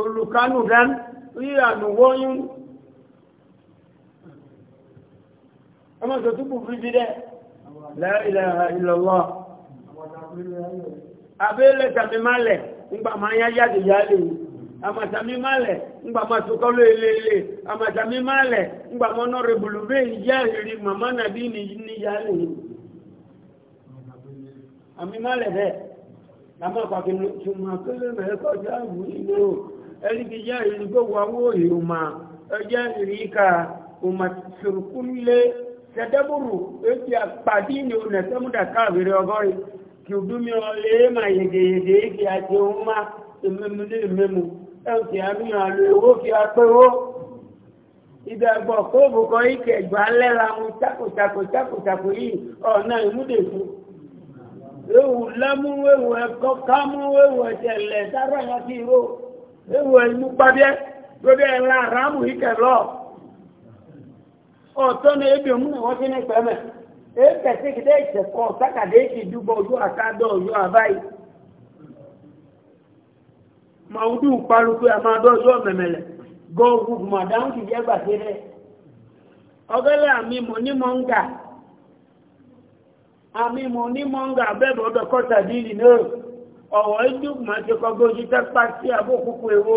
olùkà nù dán rírà nù wọ́yún ọmọ ìṣòtúbù fífi dẹ́ la ilaha illallah abele tàbí malẹ̀ ńgbà máa ń yáyá lè yá lè àmàtàmí malẹ̀ ńgbà máa sọkọ́ lélele àmàtàmí malẹ̀ ńgbà máa nọ́ rebùlù bẹ́ẹ̀ yá rí màmá nàbí ní yá lè àmì malẹ̀ bẹ́ẹ̀ làmà pàkì tùmọ̀ akẹ́lẹ́ mẹ́rin kọjá àbú ìlú ẹni kì yá ìrìn gbogbo àwọn òyìnbó ma ẹjẹ́ ìrìn ká òmà sùrùkú lé tẹtẹbùrù eti àpàdé ni o nẹsẹmúdà káàbìrì ọgọrin kì í dúmi ọ lè má yegeyege kì í àti ohun má ememu ní ememu ẹn kì í àmìyàn àlò ewó kì í apẹwó ìdàgbọ kóòbù kọ ike gbà lẹ́la mu takotako takotako yìí ọ̀nà ìmúdèfú ewu lámú ewu ẹkọ kámú ewu ẹsẹlẹ sára yàtí ro ewu ẹmú pàdé lórí ẹ̀la ràmù ike lọ. ọ̀tọ́ na ebi òmùnà wọ́n ti ní pẹ̀mẹ̀ èyí pẹ̀sí kìtẹ́ ìṣẹ̀kọ́ sákàdé ti dúbọ̀ ojú àkádọ́ ojú àbáyé màúdù parukú àmà àdọ́jọ́ mẹ̀mẹ̀lẹ̀ gọ́ọ̀gù màdáhùn ti jẹ́ gbàgbé rẹ̀ ọgẹ́lẹ́ àmì mọ̀ ní mọ́ngà àmì mọ̀ ní mọ́ngà náà ọ̀wọ́ màá ti tẹ́pá sí àbókùkù èwo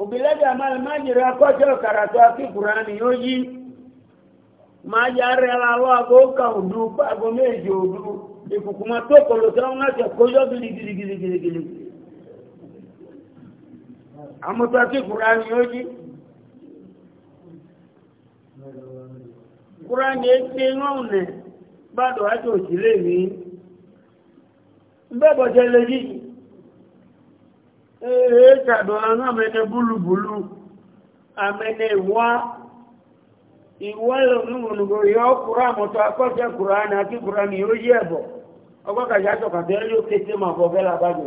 ubiladi amali majiri akote karatu aki kurani yoji majari alalo agoka udu pago meji udu ikukuma toko losaunga chakoyo giligiligiligili amutu aki kurani yoji kurani eke ngone bado hata usilemi mbebo cheleji ee ṣàdọ̀lọ́nà mẹ́nẹ búlùbúlù àmẹ́nẹ ìwá ìwá ìrọ̀lúmùnùgbò yọ kúrò àmọ́tọ́ kura kúrò àná àti kúrò ní ó yẹ ẹ̀bọ̀ ọgbọ́kàṣà tọ̀kàtẹ́ yóò kété mà bọ̀ bẹ́ẹ̀ lábàgbé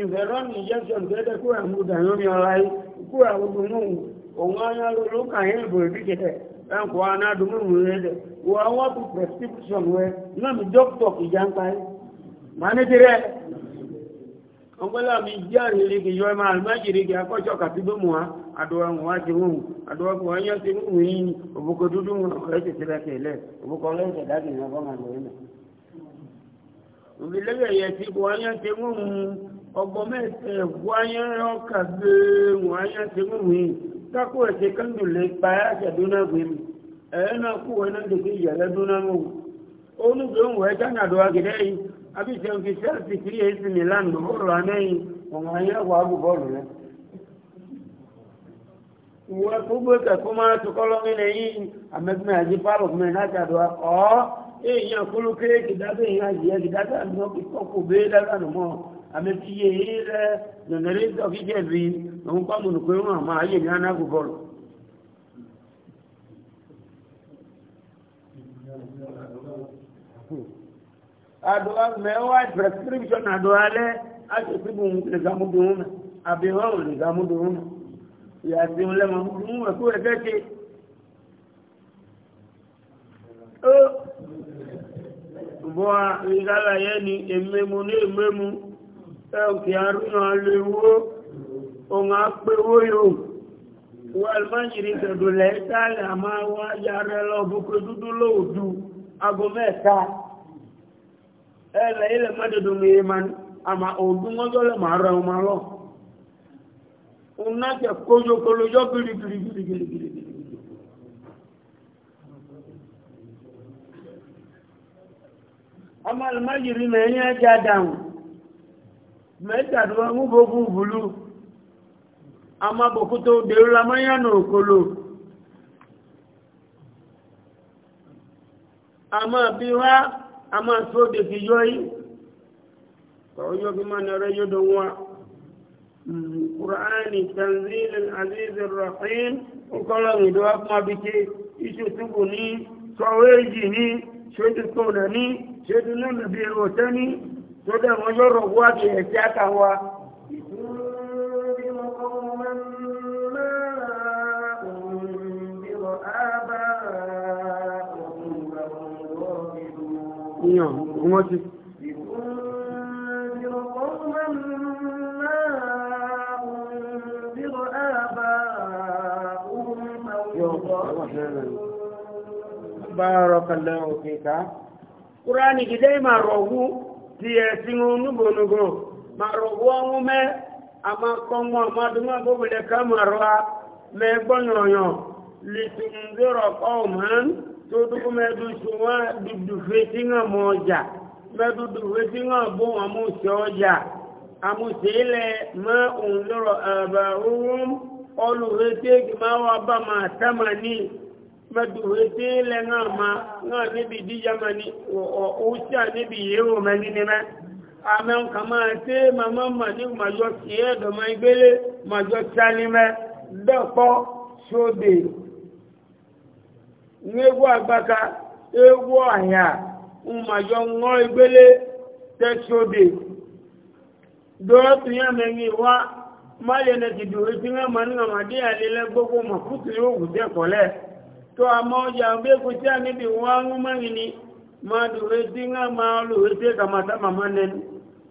ìfẹ̀rọ́nì injection tẹ́tẹ́ kó àwọn ọdún àyọ́mí ọ̀la yìí kó àwọn ọdún náà òun ayọ́ ló kà yín ìbò ìdíje tẹ̀ ẹnkọ́ rẹ̀ dẹ̀ wọ́n prescription wẹ́ náà mi dókítọ̀ ìjà ń pa yìí màá ní tirẹ̀ ọgbẹ́lá mi jẹ́ àrèlége yọ ẹ̀ma àlùmájèrège akọ́jọ́ kàtúgbòmù wa àdúrà wọn wá ti wọ́n àdúrà wọn wá yẹn ti wọ́n wọ́n yín òbúkọ dúdú wọn ọ̀rẹ́ ti tẹ́lẹ̀ tẹ́lẹ̀ òbúkọ ọ̀rẹ́ ti dá kìnnìkan òbí lẹ́yìn ẹ̀yẹ ti wọ́n yẹn ti wọ́n ọgbọ mẹsẹ wáyé ọkà gbé wáyé ti mú mi kákó ẹsẹ kánú lè pa ẹ àjẹdúnà gbé mi ẹ náà kú ẹ náà dèké ìyàlẹ dúnà mọ olùgbé ń wọ ẹ dáná àdó agẹdẹ yìí abíṣẹ ń fi sẹẹsì kiri èsì milan bọọlù anẹyìn ọmọ ayé wà á bù bọọlù rẹ. ìwọ tó gbé kẹkọọ máa tó kọlọ mi lẹyìn amẹgbẹ àti pálọ mi láti àdó ọ èèyàn kúlú kéèkì dábẹ èèyàn àjẹyẹ ametiye ile noneleza kijevi nkwangu nikuima maaye nyana Ado adoa wa prescription le adoale akesibu ligamuduume abiwao ligamuduume yasimle mamuduume kuwekeke boa igala yeni ememu ne ememu ẹ̀kì àrùn àlewó òun àpéwó yóò wọ́n májìrí tẹ̀dùlẹ̀ ìtàlẹ̀ àmà wá yàrá lọ búkú dúdú lóòdú aago mẹ́ta ẹ̀lẹ̀ ilẹ̀ mẹ́dẹ̀dùn mi ma ní àmà òògùn mọ́jọ́ lẹ̀ máa rẹ̀ ọmọ lọ òun náà kójó kolójó gírígírígírígírí àmà àlùmájìrí mẹ́rin ẹja dáhùn mẹ́ta tó wá mú gbogbo ìbúlú a máa bòkú tó dèrò lamáyánà òkòlò a máa bí wá a máa tó dè fi yọ yí ọ̀yọ́ bí máa nẹ̀rẹ́ yóò dán wá kùránì tanzilin azizin rahim ọkọ̀lọ́ ìdọ́wà fún abike iṣu túbù ní sọ̀wéjì ní ṣe tó ní ṣe nàbí ẹ̀rọ̀ tẹ́ ní lọ́dọ̀ àwọn lọ́rọ̀ wá bí ẹ̀sẹ̀ àtàwà. Ìyàn, wọ́n ti. Bára ọkàlẹ̀ òkè ká. Kúrá ní gidẹ́ ìmà wú tiẹ̀ sí wọn nígbònúgbò ma rọ̀gbọ́ wọn mẹ́ a ma kọ́ mọ́ a ma dúnmọ́ gómìnà ká ma rọ́a mẹ́ gbọ́nyọ̀nyọ̀ lìtùmùdérọ̀ kọ́ mọ́ tó dúkú mẹ́ dùn sí wọn dùdù fetí wọn mọ ọjà mẹ́ dùdù fetí wọn bó wọn mú sí ọjà mọ́ òun lọ́rọ̀ àbà òun olùrẹ́tẹ́gì máa wà bá ma tẹ́ ma ní. mẹ́dùwẹ́dé lẹ́nà ma náà níbi díjá ma ní ọ̀ọ́síà níbi yíò ihe ni mẹ́ amẹ́ǹkà máa tẹ́ mamá ma ní màjọ sí ẹ̀dọ̀mọ́ igbélé màjọ sálí mẹ́ dẹ́pọ́ sóde ńwégú àgbàka égú àyà màjọ ńwọ́ igbélé tẹ́ sóde dọ́ọ̀tù yẹn mẹ́ni wá má lẹ́nà ti dùwẹ́ tí wọ́n ma ní ọmọdé àlélẹ́ gbogbo toa moja mbegu cha nibi wangu mangini ma duwe dinga ma lu hirte kama sama manen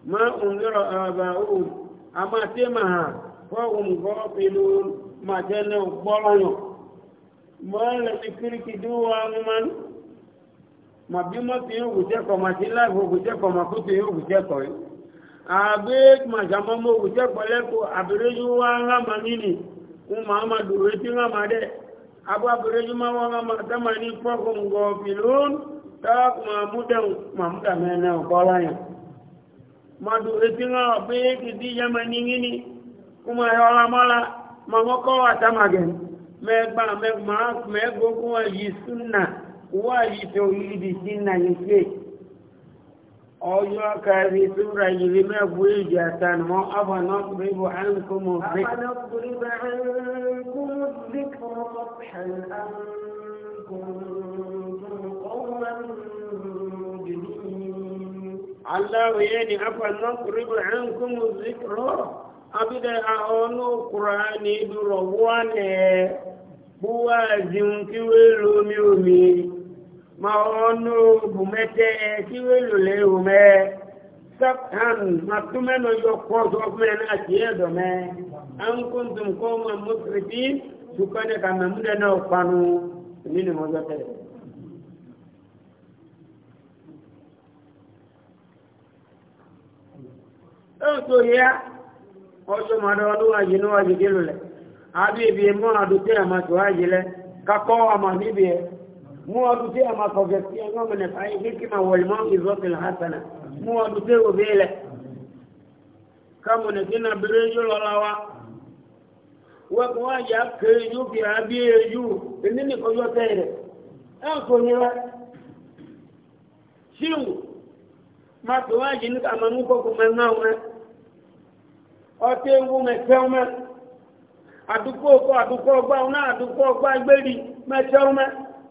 ma ungiro abaun ama tema ha kwa umgo pilun ma jene ubolanyo ma le fikiri kidu wangu man ma bima tiyo kuche kwa masila kuche kwa makutu yu kuche koi abek ma jamamo kuche kwa leku abiriju wanga mangini umama duwe dinga madek abu abirejuma wanga matama ni poko mgo filun tak mamuda mamuda mena ukolanya madu etinga be kidi yama ningini kuma yola mala mangoko atamagen megba megma megokuwa yisunna wa yito yidi sinna yise أيها كافيتون رجل ما بويجة ما أفنضرب عنكم الذكر أفنضرب عنكم الذكر صفحا أن كنتم قوما مجرمين الله يعني أفنضرب عنكم الذكر أبدا أعون القرآن دروانا بوازن كويلومي ma ọnụ bumete tiwelule ume sabhan matumeno yokwo zogmen atieedome an kuntum ma musrifin sukane kama muda na upanu nini mozote eso ya ọjọ́ mọ̀dọ́ ọdún wájì níwájì kí lulẹ̀ muwadutia makogesia ng'ombe na sahi hikima walmauizati lhasana muwadutie uvile kama nekina birejo lolawa wekuwaja keju kiabieju inini koyotere akonyela shingu matuwaji nikamanuko kumeng'auna ọtí ewu mẹtẹun mẹ àdúgbò kọ àdúgbò ọgbà ọ̀nà àdúgbò ọgbà gbèrì mẹtẹun mẹ.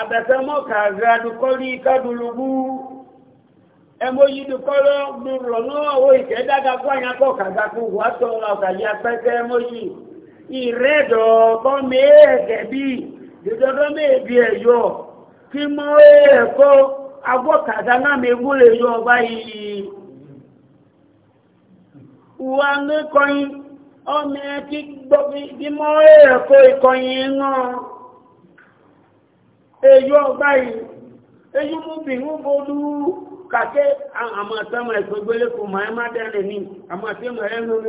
abẹ̀fẹ́mọ́ kààrẹ adùkọ́rí kádùlùgbú ẹmọ́yí dùkọ́rọ́ gbùrọ̀ náà owó ìtẹ́dàgà fún àyàkọ́ kàgàkù wà tọ́ ọ̀kàyí apẹ́kẹ́ ẹmọ́yí ìrẹ́dọ̀ ọkọ́ mẹ́ẹ̀ẹ̀kẹ́ bí dídọ́dọ́ mẹ́ẹ̀bí ẹ̀yọ́ kí mọ́ ẹ̀ẹ̀kọ́ agbọ́kàdá náà mẹ́gúnlẹ̀ yọ ọba yìí wà ní kọyìn ọmọ ẹ̀ gbọ́ bí mọ́ ẹ̀ẹ̀kọ́ ìkọyìn náà eyo ọgbà yìí eyo mú bìnú bolú kàké àmọ́ ẹ̀gbẹ́gbẹ́lẹ́ kò máa má dẹ́rẹ́ ní dá jẹ́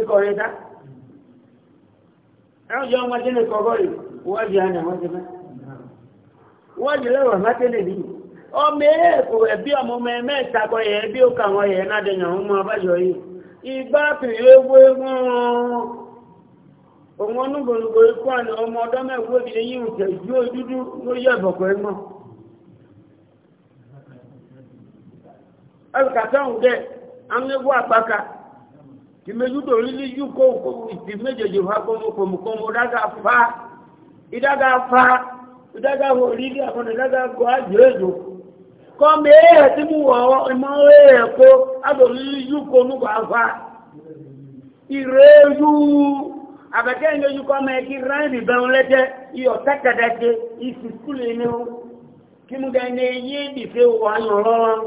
kọ́kọ́ àná wọ́n ti lẹ́wọ̀n má tẹ́lẹ̀ ọmọ èèkù ẹ̀bí ọmọ mẹ́ta kọ yẹn bí ó kà wọ́n yẹn náà dẹ̀yàn ọmọ abájọ yìí ìgbà òun onúgbòǹgbò ikú àná ọmọ ọdọ mẹ́wọ́ ti dúdú ló yú kó ìtì méjèèjì wá kọ́mọkọ́mọ dága fa ìdága fa ìdága wò lílí àwọn ìdága gọ́ àjẹ́jọ́ kọ́mọ ẹ̀yẹ tí mo wọ̀ ọ́ ìmọ̀ àdó lílí yú kó fa ìrẹ́yú. abẹ́kẹ́ ìlú yukọ́ mẹ́ kí ráìnì bẹ́rún lẹ́tẹ́ iyọ̀ tẹ́kẹ̀dẹ́kẹ́ ìsì skúlù inú kí mú gẹ́ ní yé ìdìfẹ́ wàyàn lọ́wọ́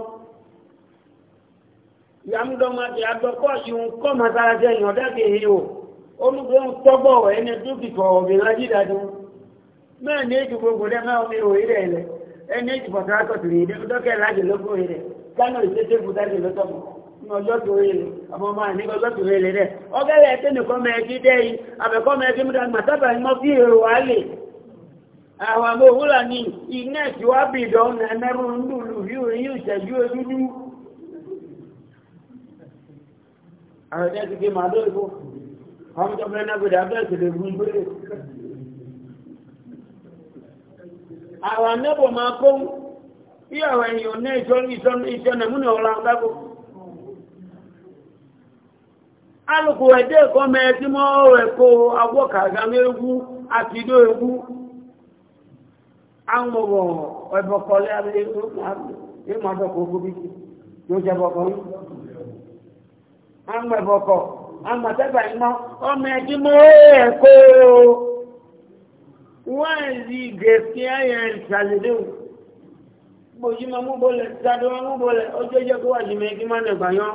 yàmúdọ́mọ́ ti àgbọ̀kọ́ ìhun kọ́ masalasi ẹ̀yàn dẹ́kẹ̀ yìí o olùgbé ń tọ́gbọ̀ ẹni dúkìtọ̀ ọ̀gbìn lájídájú mẹ́rin ní èjì gbogbo dẹ́ mẹ́rin mi ò rí rẹ̀ ẹni èjì ní ọjọ́ tó rí lè àmọ́ máa ní ọjọ́ tó rí lè rẹ̀ ọgẹ́lẹ̀ tó nìkan mẹ́rin kí dẹ́ yìí àbẹ̀kọ́ mẹ́rin kí múdà gbà sábà ń mọ́ bí èrò wá lè àwọn àmọ́ òwúlà ní iná tí wá bì dán ẹnẹ́rù ń lùlù rí orí yóò ṣẹ́jú ojúdú àwọn ti gé màá lórí fún ọmọ tó bẹ́ẹ̀ sì lè gún gbére àwọn anẹ́bọ̀ máa alùkù ẹ̀dẹ́ ẹ̀kọ́ mẹ́ẹ̀ tí mọ́ ẹ̀kọ́ agbọ́kàgá mẹ́rẹ́gú àti ìdó egú àwọn ẹ̀bọ̀kọ̀lẹ́ wọ́n rí gẹ̀ẹ́sì ayẹ̀ ìṣàlẹ̀lẹ́ òun gbòjí ma mú bọ́lẹ̀ ṣàdọ́wọ́ mú bọ́lẹ̀ ọjọ́ jẹ́ kó wà jìmẹ̀ kí má nẹ̀gbà yán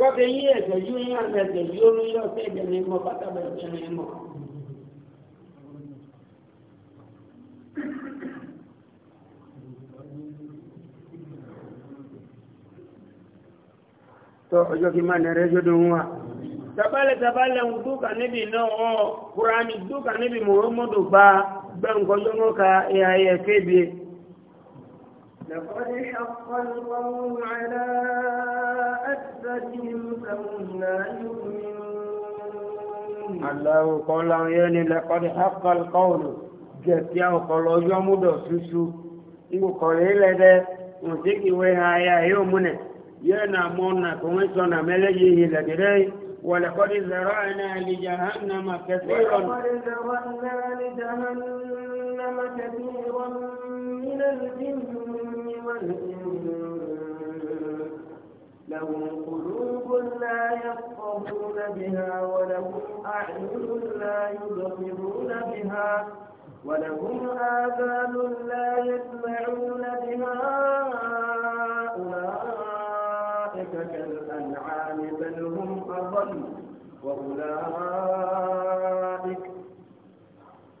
rọ́bẹ̀ yí ẹ̀jẹ̀ yí ní àmì ẹ̀jẹ̀ yí ó ní ọ̀sẹ̀ ẹ̀jẹ̀ ní mọ́ pátábà ẹ̀jẹ̀ ní mọ́. tó ọjọ́ kí máa nẹ̀rẹ́ jọ́ dùn wá. tabalẹ̀ tabalẹ̀ ń dúkà níbi náà ọ̀ kúránì dúkà níbi mọ̀ọ́mọ́dù bá gbẹ̀ǹkọ́jọ́ mọ́ka ẹ̀yà ẹ̀fẹ́ لقد حق القول على أكثرهم فهم لا يؤمنون الله قال يعني لقد حق القول جتيا وقال يوم دوسوسو ibu kọrọ ilẹ̀dẹ́ لده wé ha ya yóò múnẹ̀ yóò na mọ́ na ولقد زرعنا لجهنم كثيرا ولقد ذرأنا لجهنم كثيرا من الجن والإنس لهم قلوب لا يفقهون بها ولهم أعين لا يبصرون بها ولهم آذان لا يسمعون بها أولئك كالأنعام بل هم أضل وأولئك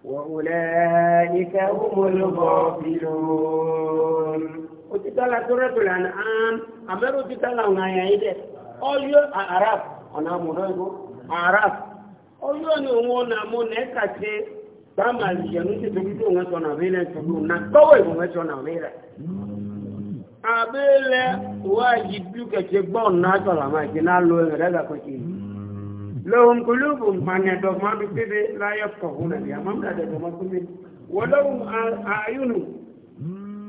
وأولئك هم الغافلون tala tóra pèlè àná àm àmẹ́rù ti tala ọ̀nà àyà yìí dẹ̀ arab ọ̀nà àmúrọ̀ ìbò arab ọyọ ni òun ọ̀nà àmú nẹ́ẹ̀ka ṣe gbàmà ìyẹnu ti tóbi tó wọn sọ̀nà àbí lẹ́ tuntun náà kọ́wọ́ ìbò wọn sọ̀nà àbí rẹ̀. àbí lẹ wá yìí bí kẹ̀kẹ́ gbọ́ ọ̀nà àtọ̀là máa lo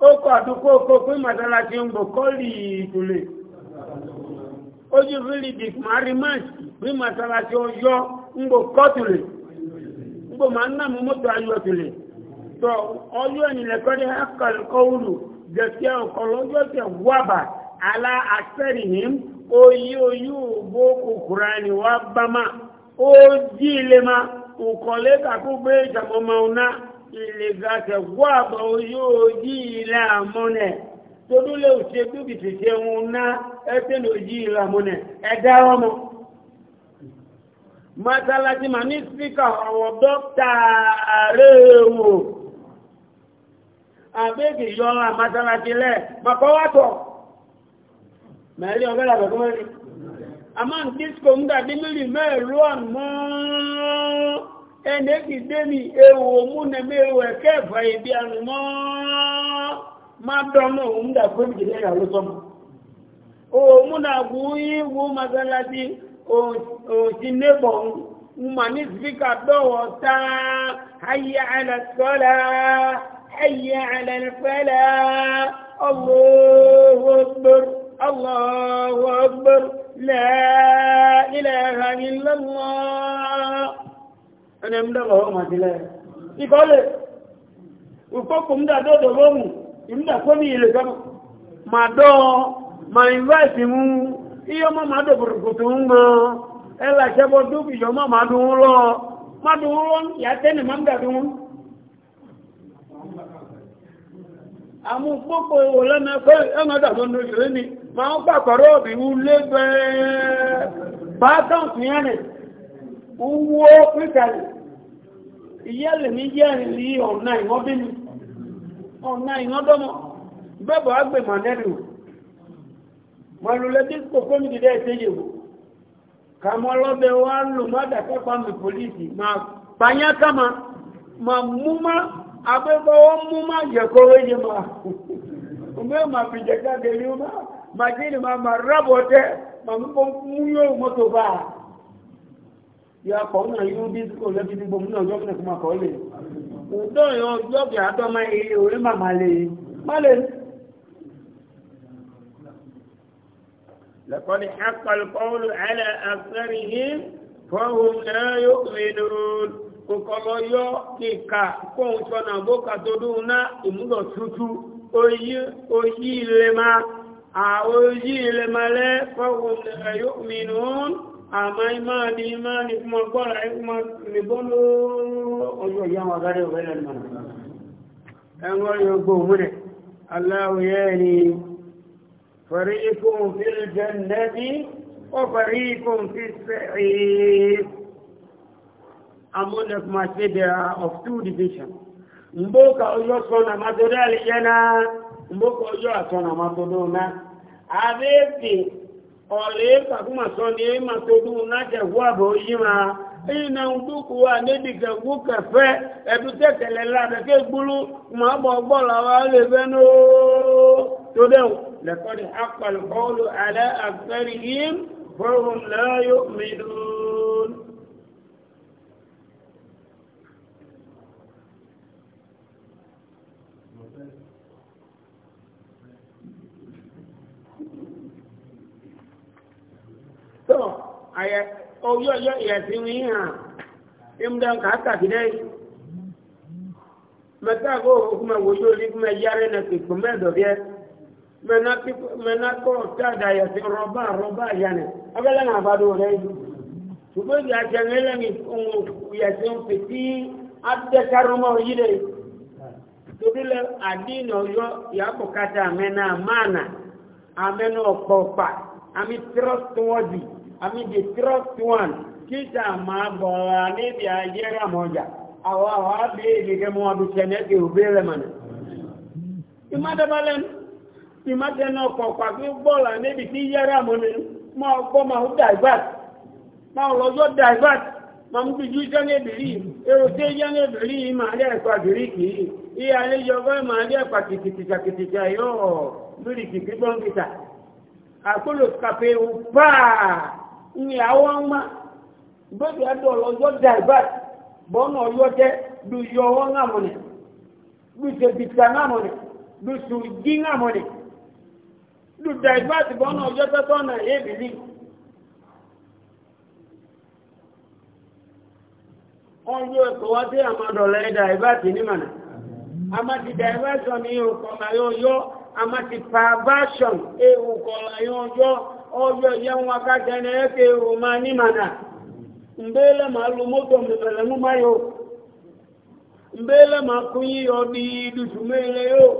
ó kọ́ àdúgbò kó pé màsálásí ń bò kọ́lì ìtòlè ó ju fílìdì marimans pé màsálásí ó yọ ń bò kọ́tùlè ń bò máa ń nà mú mọ́tò ayọ̀tùlè tó ọjọ́ ìnìlẹ̀kọ́dé akọ̀lùkọ́wùlù gẹ̀ẹ́sì ọkọ̀ lọ́jọ́ tẹ̀ wábà oyi oyi bama ìlègàtẹ̀ gbọ́àbọ̀ yóò yí ilẹ̀ àmúnẹ̀ torí lè ṣe dúkìtì ṣe ń ná ẹ́tẹ́ ló yí ilẹ̀ àmúnẹ̀ ẹ̀dá ọmọ mọ́sálásí ma ní spíkà ọ̀wọ̀ dókítà ààrẹ wò àbẹ́kì yọ àmọ́sálásí lẹ̀ mọ́kọ́wátọ̀ mẹ́rin ọgọ́dà bẹ̀kọ́ mẹ́rin àmọ́ ní disco ń dàbí mílì mẹ́rin rọ́ọ̀n mọ́ e ti dé ewu omúnẹ̀mẹ́ ewu ẹ̀kẹ́ ẹ̀fà ìbí àrùmọ́ má dọ́mọ̀ òun dàgbé ìjìlẹ̀ ìyàwó sọmọ òmúnàgbù yíwu masalasi òsì nébọ̀ ma ní sífíkà dọ́wọ́ táa ayé alẹ́sọ́lá ayé ẹni ẹmúdẹ́ lọ́wọ́ màtílẹ̀ ìkọ́lẹ̀ ìkọ́kù ń dàdó dòlóhùn ìmúdà ní ilẹ̀ gọ́mọ̀ ma dọ́ ma invite mú iye ọmọ ma dò bùrùkùtù ń dúkìjọ ma dùn ún ma dùn ún lọ ń ún àmú pópò ma ń owó pẹ́kàlì ìyẹ́lẹ̀ ní yẹ́rin lé ọ̀nà ìwọ́n bí mi ọ̀nà ìwọ́n dọ́mọ́ bẹ́bọ̀ agbè mọ̀lẹ́rù mọ̀lúlẹ́ tí kò kó mi dìde kàmọ́ lọ́bẹ̀ wá lò mọ́dàkẹ́pà mi pòlìsì máa pàyá kama ma mú má abẹ́bọ́wọ́ mú má yẹ̀kọ́wé ma ọmọ ma fi jẹ́ká gẹ̀lú má ma jí ma ma rábọ̀ tẹ́ ma mú yóò mọ́tò báà ya kọ̀ọ̀nà yóò bí kò lẹ́bí ní gbogbo náà jọ́bìnà kò máa kọ̀ lè ọ̀dọ́ ìyàn jọ́bì àtọ́mọ́ ilé orí màmá lè má lè lẹ́kọ́ni akọ̀lùkọ́ọ̀lù ẹ̀lẹ́ àfẹ́rìhì fọ́hùn náà yóò pè lóòrùn kòkòrò yọ kíkà kóhun sọ́nà bókà tó dùn náà ìmúlọ̀ tútù oyí ilé máa àwọn oyí ilé máa lẹ́ fọ́hùn náà yóò mìíràn àmọ́ ìmáàdì ìmáàdì fún ọgbọ́ra ẹkùnmọ́ nìbọn ọjọ́ ìyá wọn gáré lẹ́nu mọ̀nà ẹ̀wọ́n yóò gbò múlẹ̀ aláwòyẹ́ ni fẹ̀rí fi ó fi sí ọ̀rẹ́ kàkúmà sọ ni é ma tó dún lájẹ̀ wú àbò yí ma ìnà ìdúkù wà níbi kẹ̀kú kẹfẹ́ ẹ̀dù tẹ́tẹ̀lẹ̀ lábẹ́ ké gbúlú ma bọ̀ gbọ́là wa lè fẹ́ nóó tó dẹ́wù aya oyo yo ya siwi ha imdan ka ta kidai mata go kuma woyo li kuma yare na ki kuma do be mena ki mena ko ta da ya si roba roba yani agala na ba do dai subo ya jangela ni ya si fiti adde karuma yide tobile adin oyo ya bukata amena mana amena ọpọpa ami trustworthy àmì the trust one kíta máa bọ̀rọ̀ níbi àjẹ́rà mọ́jà àwọn àwọn àbílẹ̀ ìdíkẹ́ mọ́ àbúṣẹ́ nẹ́kì òbẹ́rẹ̀ mọ̀nà ìmádẹ́bálẹ́nu ìmádẹ́nà ọ̀pọ̀pọ̀ àti bọ́ọ̀lá níbi tí yẹ́rà mọ́ni máa gbọ́ máa dàgbàt máa lọ́jọ́ dàgbàt máa ń gbìjú jẹ́nẹ́bìrí èrò tí jẹ́nẹ́bìrí máa rẹ̀ ẹ̀kọ́ àbìrí kìí iye àlejọ́gọ́ máa rẹ̀ ẹ̀kọ́ kìtìkìtìkà yóò lórí ìyàwó ọmọ bébí ẹ̀dọ̀ lọ́jọ́ dàgbàt bọ́nà ọyọ́ jẹ́ bí yọ ọwọ́ náà mọ̀nì bí tẹ̀bìtà náà mọ̀nì bí sùdí náà mọ̀nì bí dàgbàt bọ́nà ọjọ́ tẹ́tọ́ náà ébìlì. ọjọ́ ẹ̀kọ́ wá sí dàgbàt ní dàgbàt ní yọ àmàdì pàbáṣọ̀n èèwù Ọ ìyẹ́wọ̀n akájẹ ní ẹ́kẹ́ èrò eke ní anyị m̀bẹ́lẹ̀ máa lo ma mẹ̀fẹ̀lẹ̀ mú máa yóò m̀bẹ́lẹ̀ máa kún yí ọdí ìdùsù mẹ́lẹ̀ yóò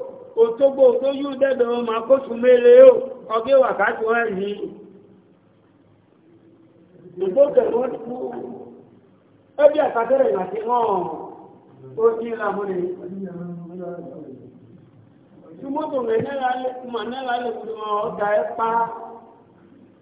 òtógbò tó yú dẹ́bẹ̀ wọn máa kó sùn mẹ́lẹ̀ yóò ọgẹ́ wàkàtí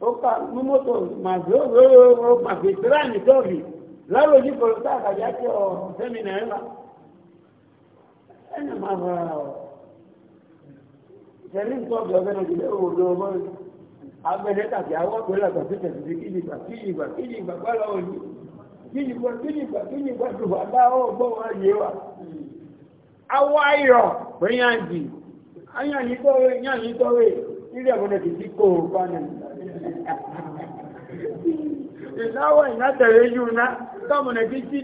ó ká mú mọ́tò màdúró màfi tíráàmì tọ́ọ̀bì lọ́rọ̀ ojú kọ̀ọ̀rọ̀ tá àkàjá tí ọ sẹ́mi náírà ẹnì máa fara ọ̀ tẹ̀lé tọ́ọ̀bì ọ̀gbẹ́ náà jùlọ òwò lọ́wọ́ bọ́ọ̀lù abẹ́rẹ́ tàbí àwọn ọ̀gbẹ́ làgbà tó tẹ̀sí sí kíjì gbà kíjì gbà kíjì gbà gbọ́dọ̀ òní kíjì gbà kíjì gbà kíjì gbà tó wà bá ọ̀ gbọ́ wọn yé wa. awọ ayọ̀ pé yàn jì yàn yìí tọ́wé yàn yìí tọ́wé ilé ẹ̀kọ́ ìláwọ̀ ìlátẹ̀rẹ̀ yìí ná tọ́mùnà títí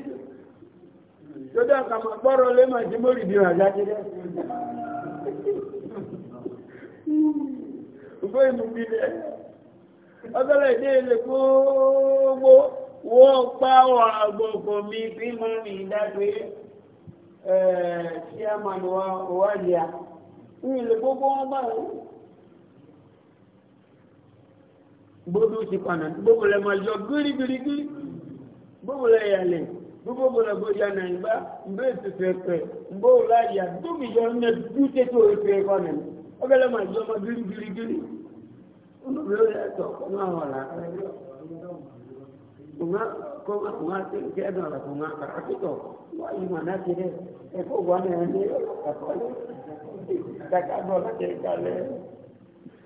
tó dá kàmà tí mó rìdí ràjá jẹ́rẹ́ ìgbó ìdí ilẹ̀ gbogbo wọ́n pàwọ̀ àgbọ̀gbọ̀ mi bí mọ́ mi dágbé ẹ̀ẹ́ sí àmàlùwà gbogbo ti pànà gbogbo lẹ máa yọ gírígírígí gbogbo lẹ yàlẹ gbogbo lẹ bójá nà ìgbà mbẹ fẹfẹ fẹ mbọ la yà dómi yọ ní dúté tó fẹ kọnà ọgbẹ lẹ máa yọ máa gírígírígí olùbí ó yà tọ kọ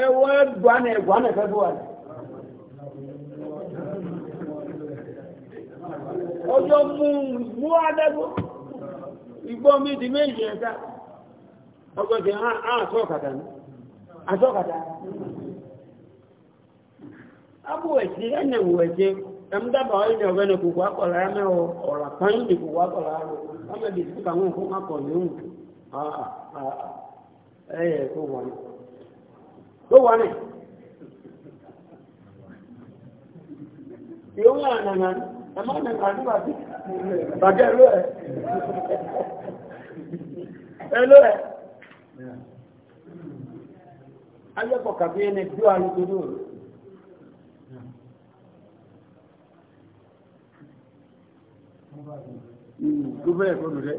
ewe gwane gwane february ọjọ́ mú mú adẹ́gbó igbó mi di méjì ẹ̀ta ọjọ́ ti hàn àtọ́kàtà ní àtọ́kàtà abú ẹ̀sí a ẹ̀sí ẹmúdàbà ọ̀yìn ọ̀rẹ́ ní kòkó akọ̀lá ẹ̀mẹ́ ọ̀rà kan ní kòkó akọ̀lá ẹ̀mẹ́ bí sí ló wà ní yóò wà nànà ẹmọ nànà nígbà tí bàjẹ́ ló ẹ̀ ẹ ló ẹ̀ ayẹ́pọ̀ kàbí ẹni bí wà lóko náà Gbogbo ẹ̀kọ́ nù rẹ̀.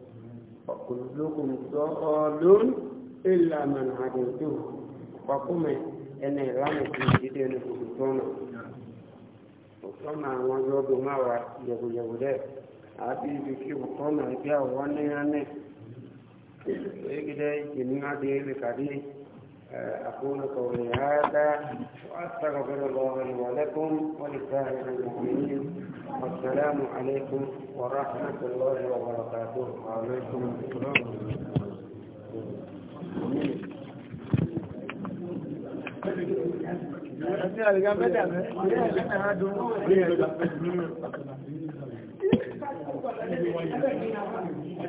ọ̀kùnlókùn tó ọdún ilẹ̀ àmàlà àdìntò pàkúmẹ̀ ẹnẹ̀ ìlànà tó dídé ní kòkò tọ́nà òtọ́nà àwọn yọ́dún máa wà yẹ̀wòyẹ̀wò dẹ̀ àbí ibi kí òtọ́nà ẹgbẹ́ àwọn ní أقول قولي هذا وأستغفر الله لي ولكم ولسائر المؤمنين والسلام عليكم ورحمة الله وبركاته وعليكم السلام Thank you.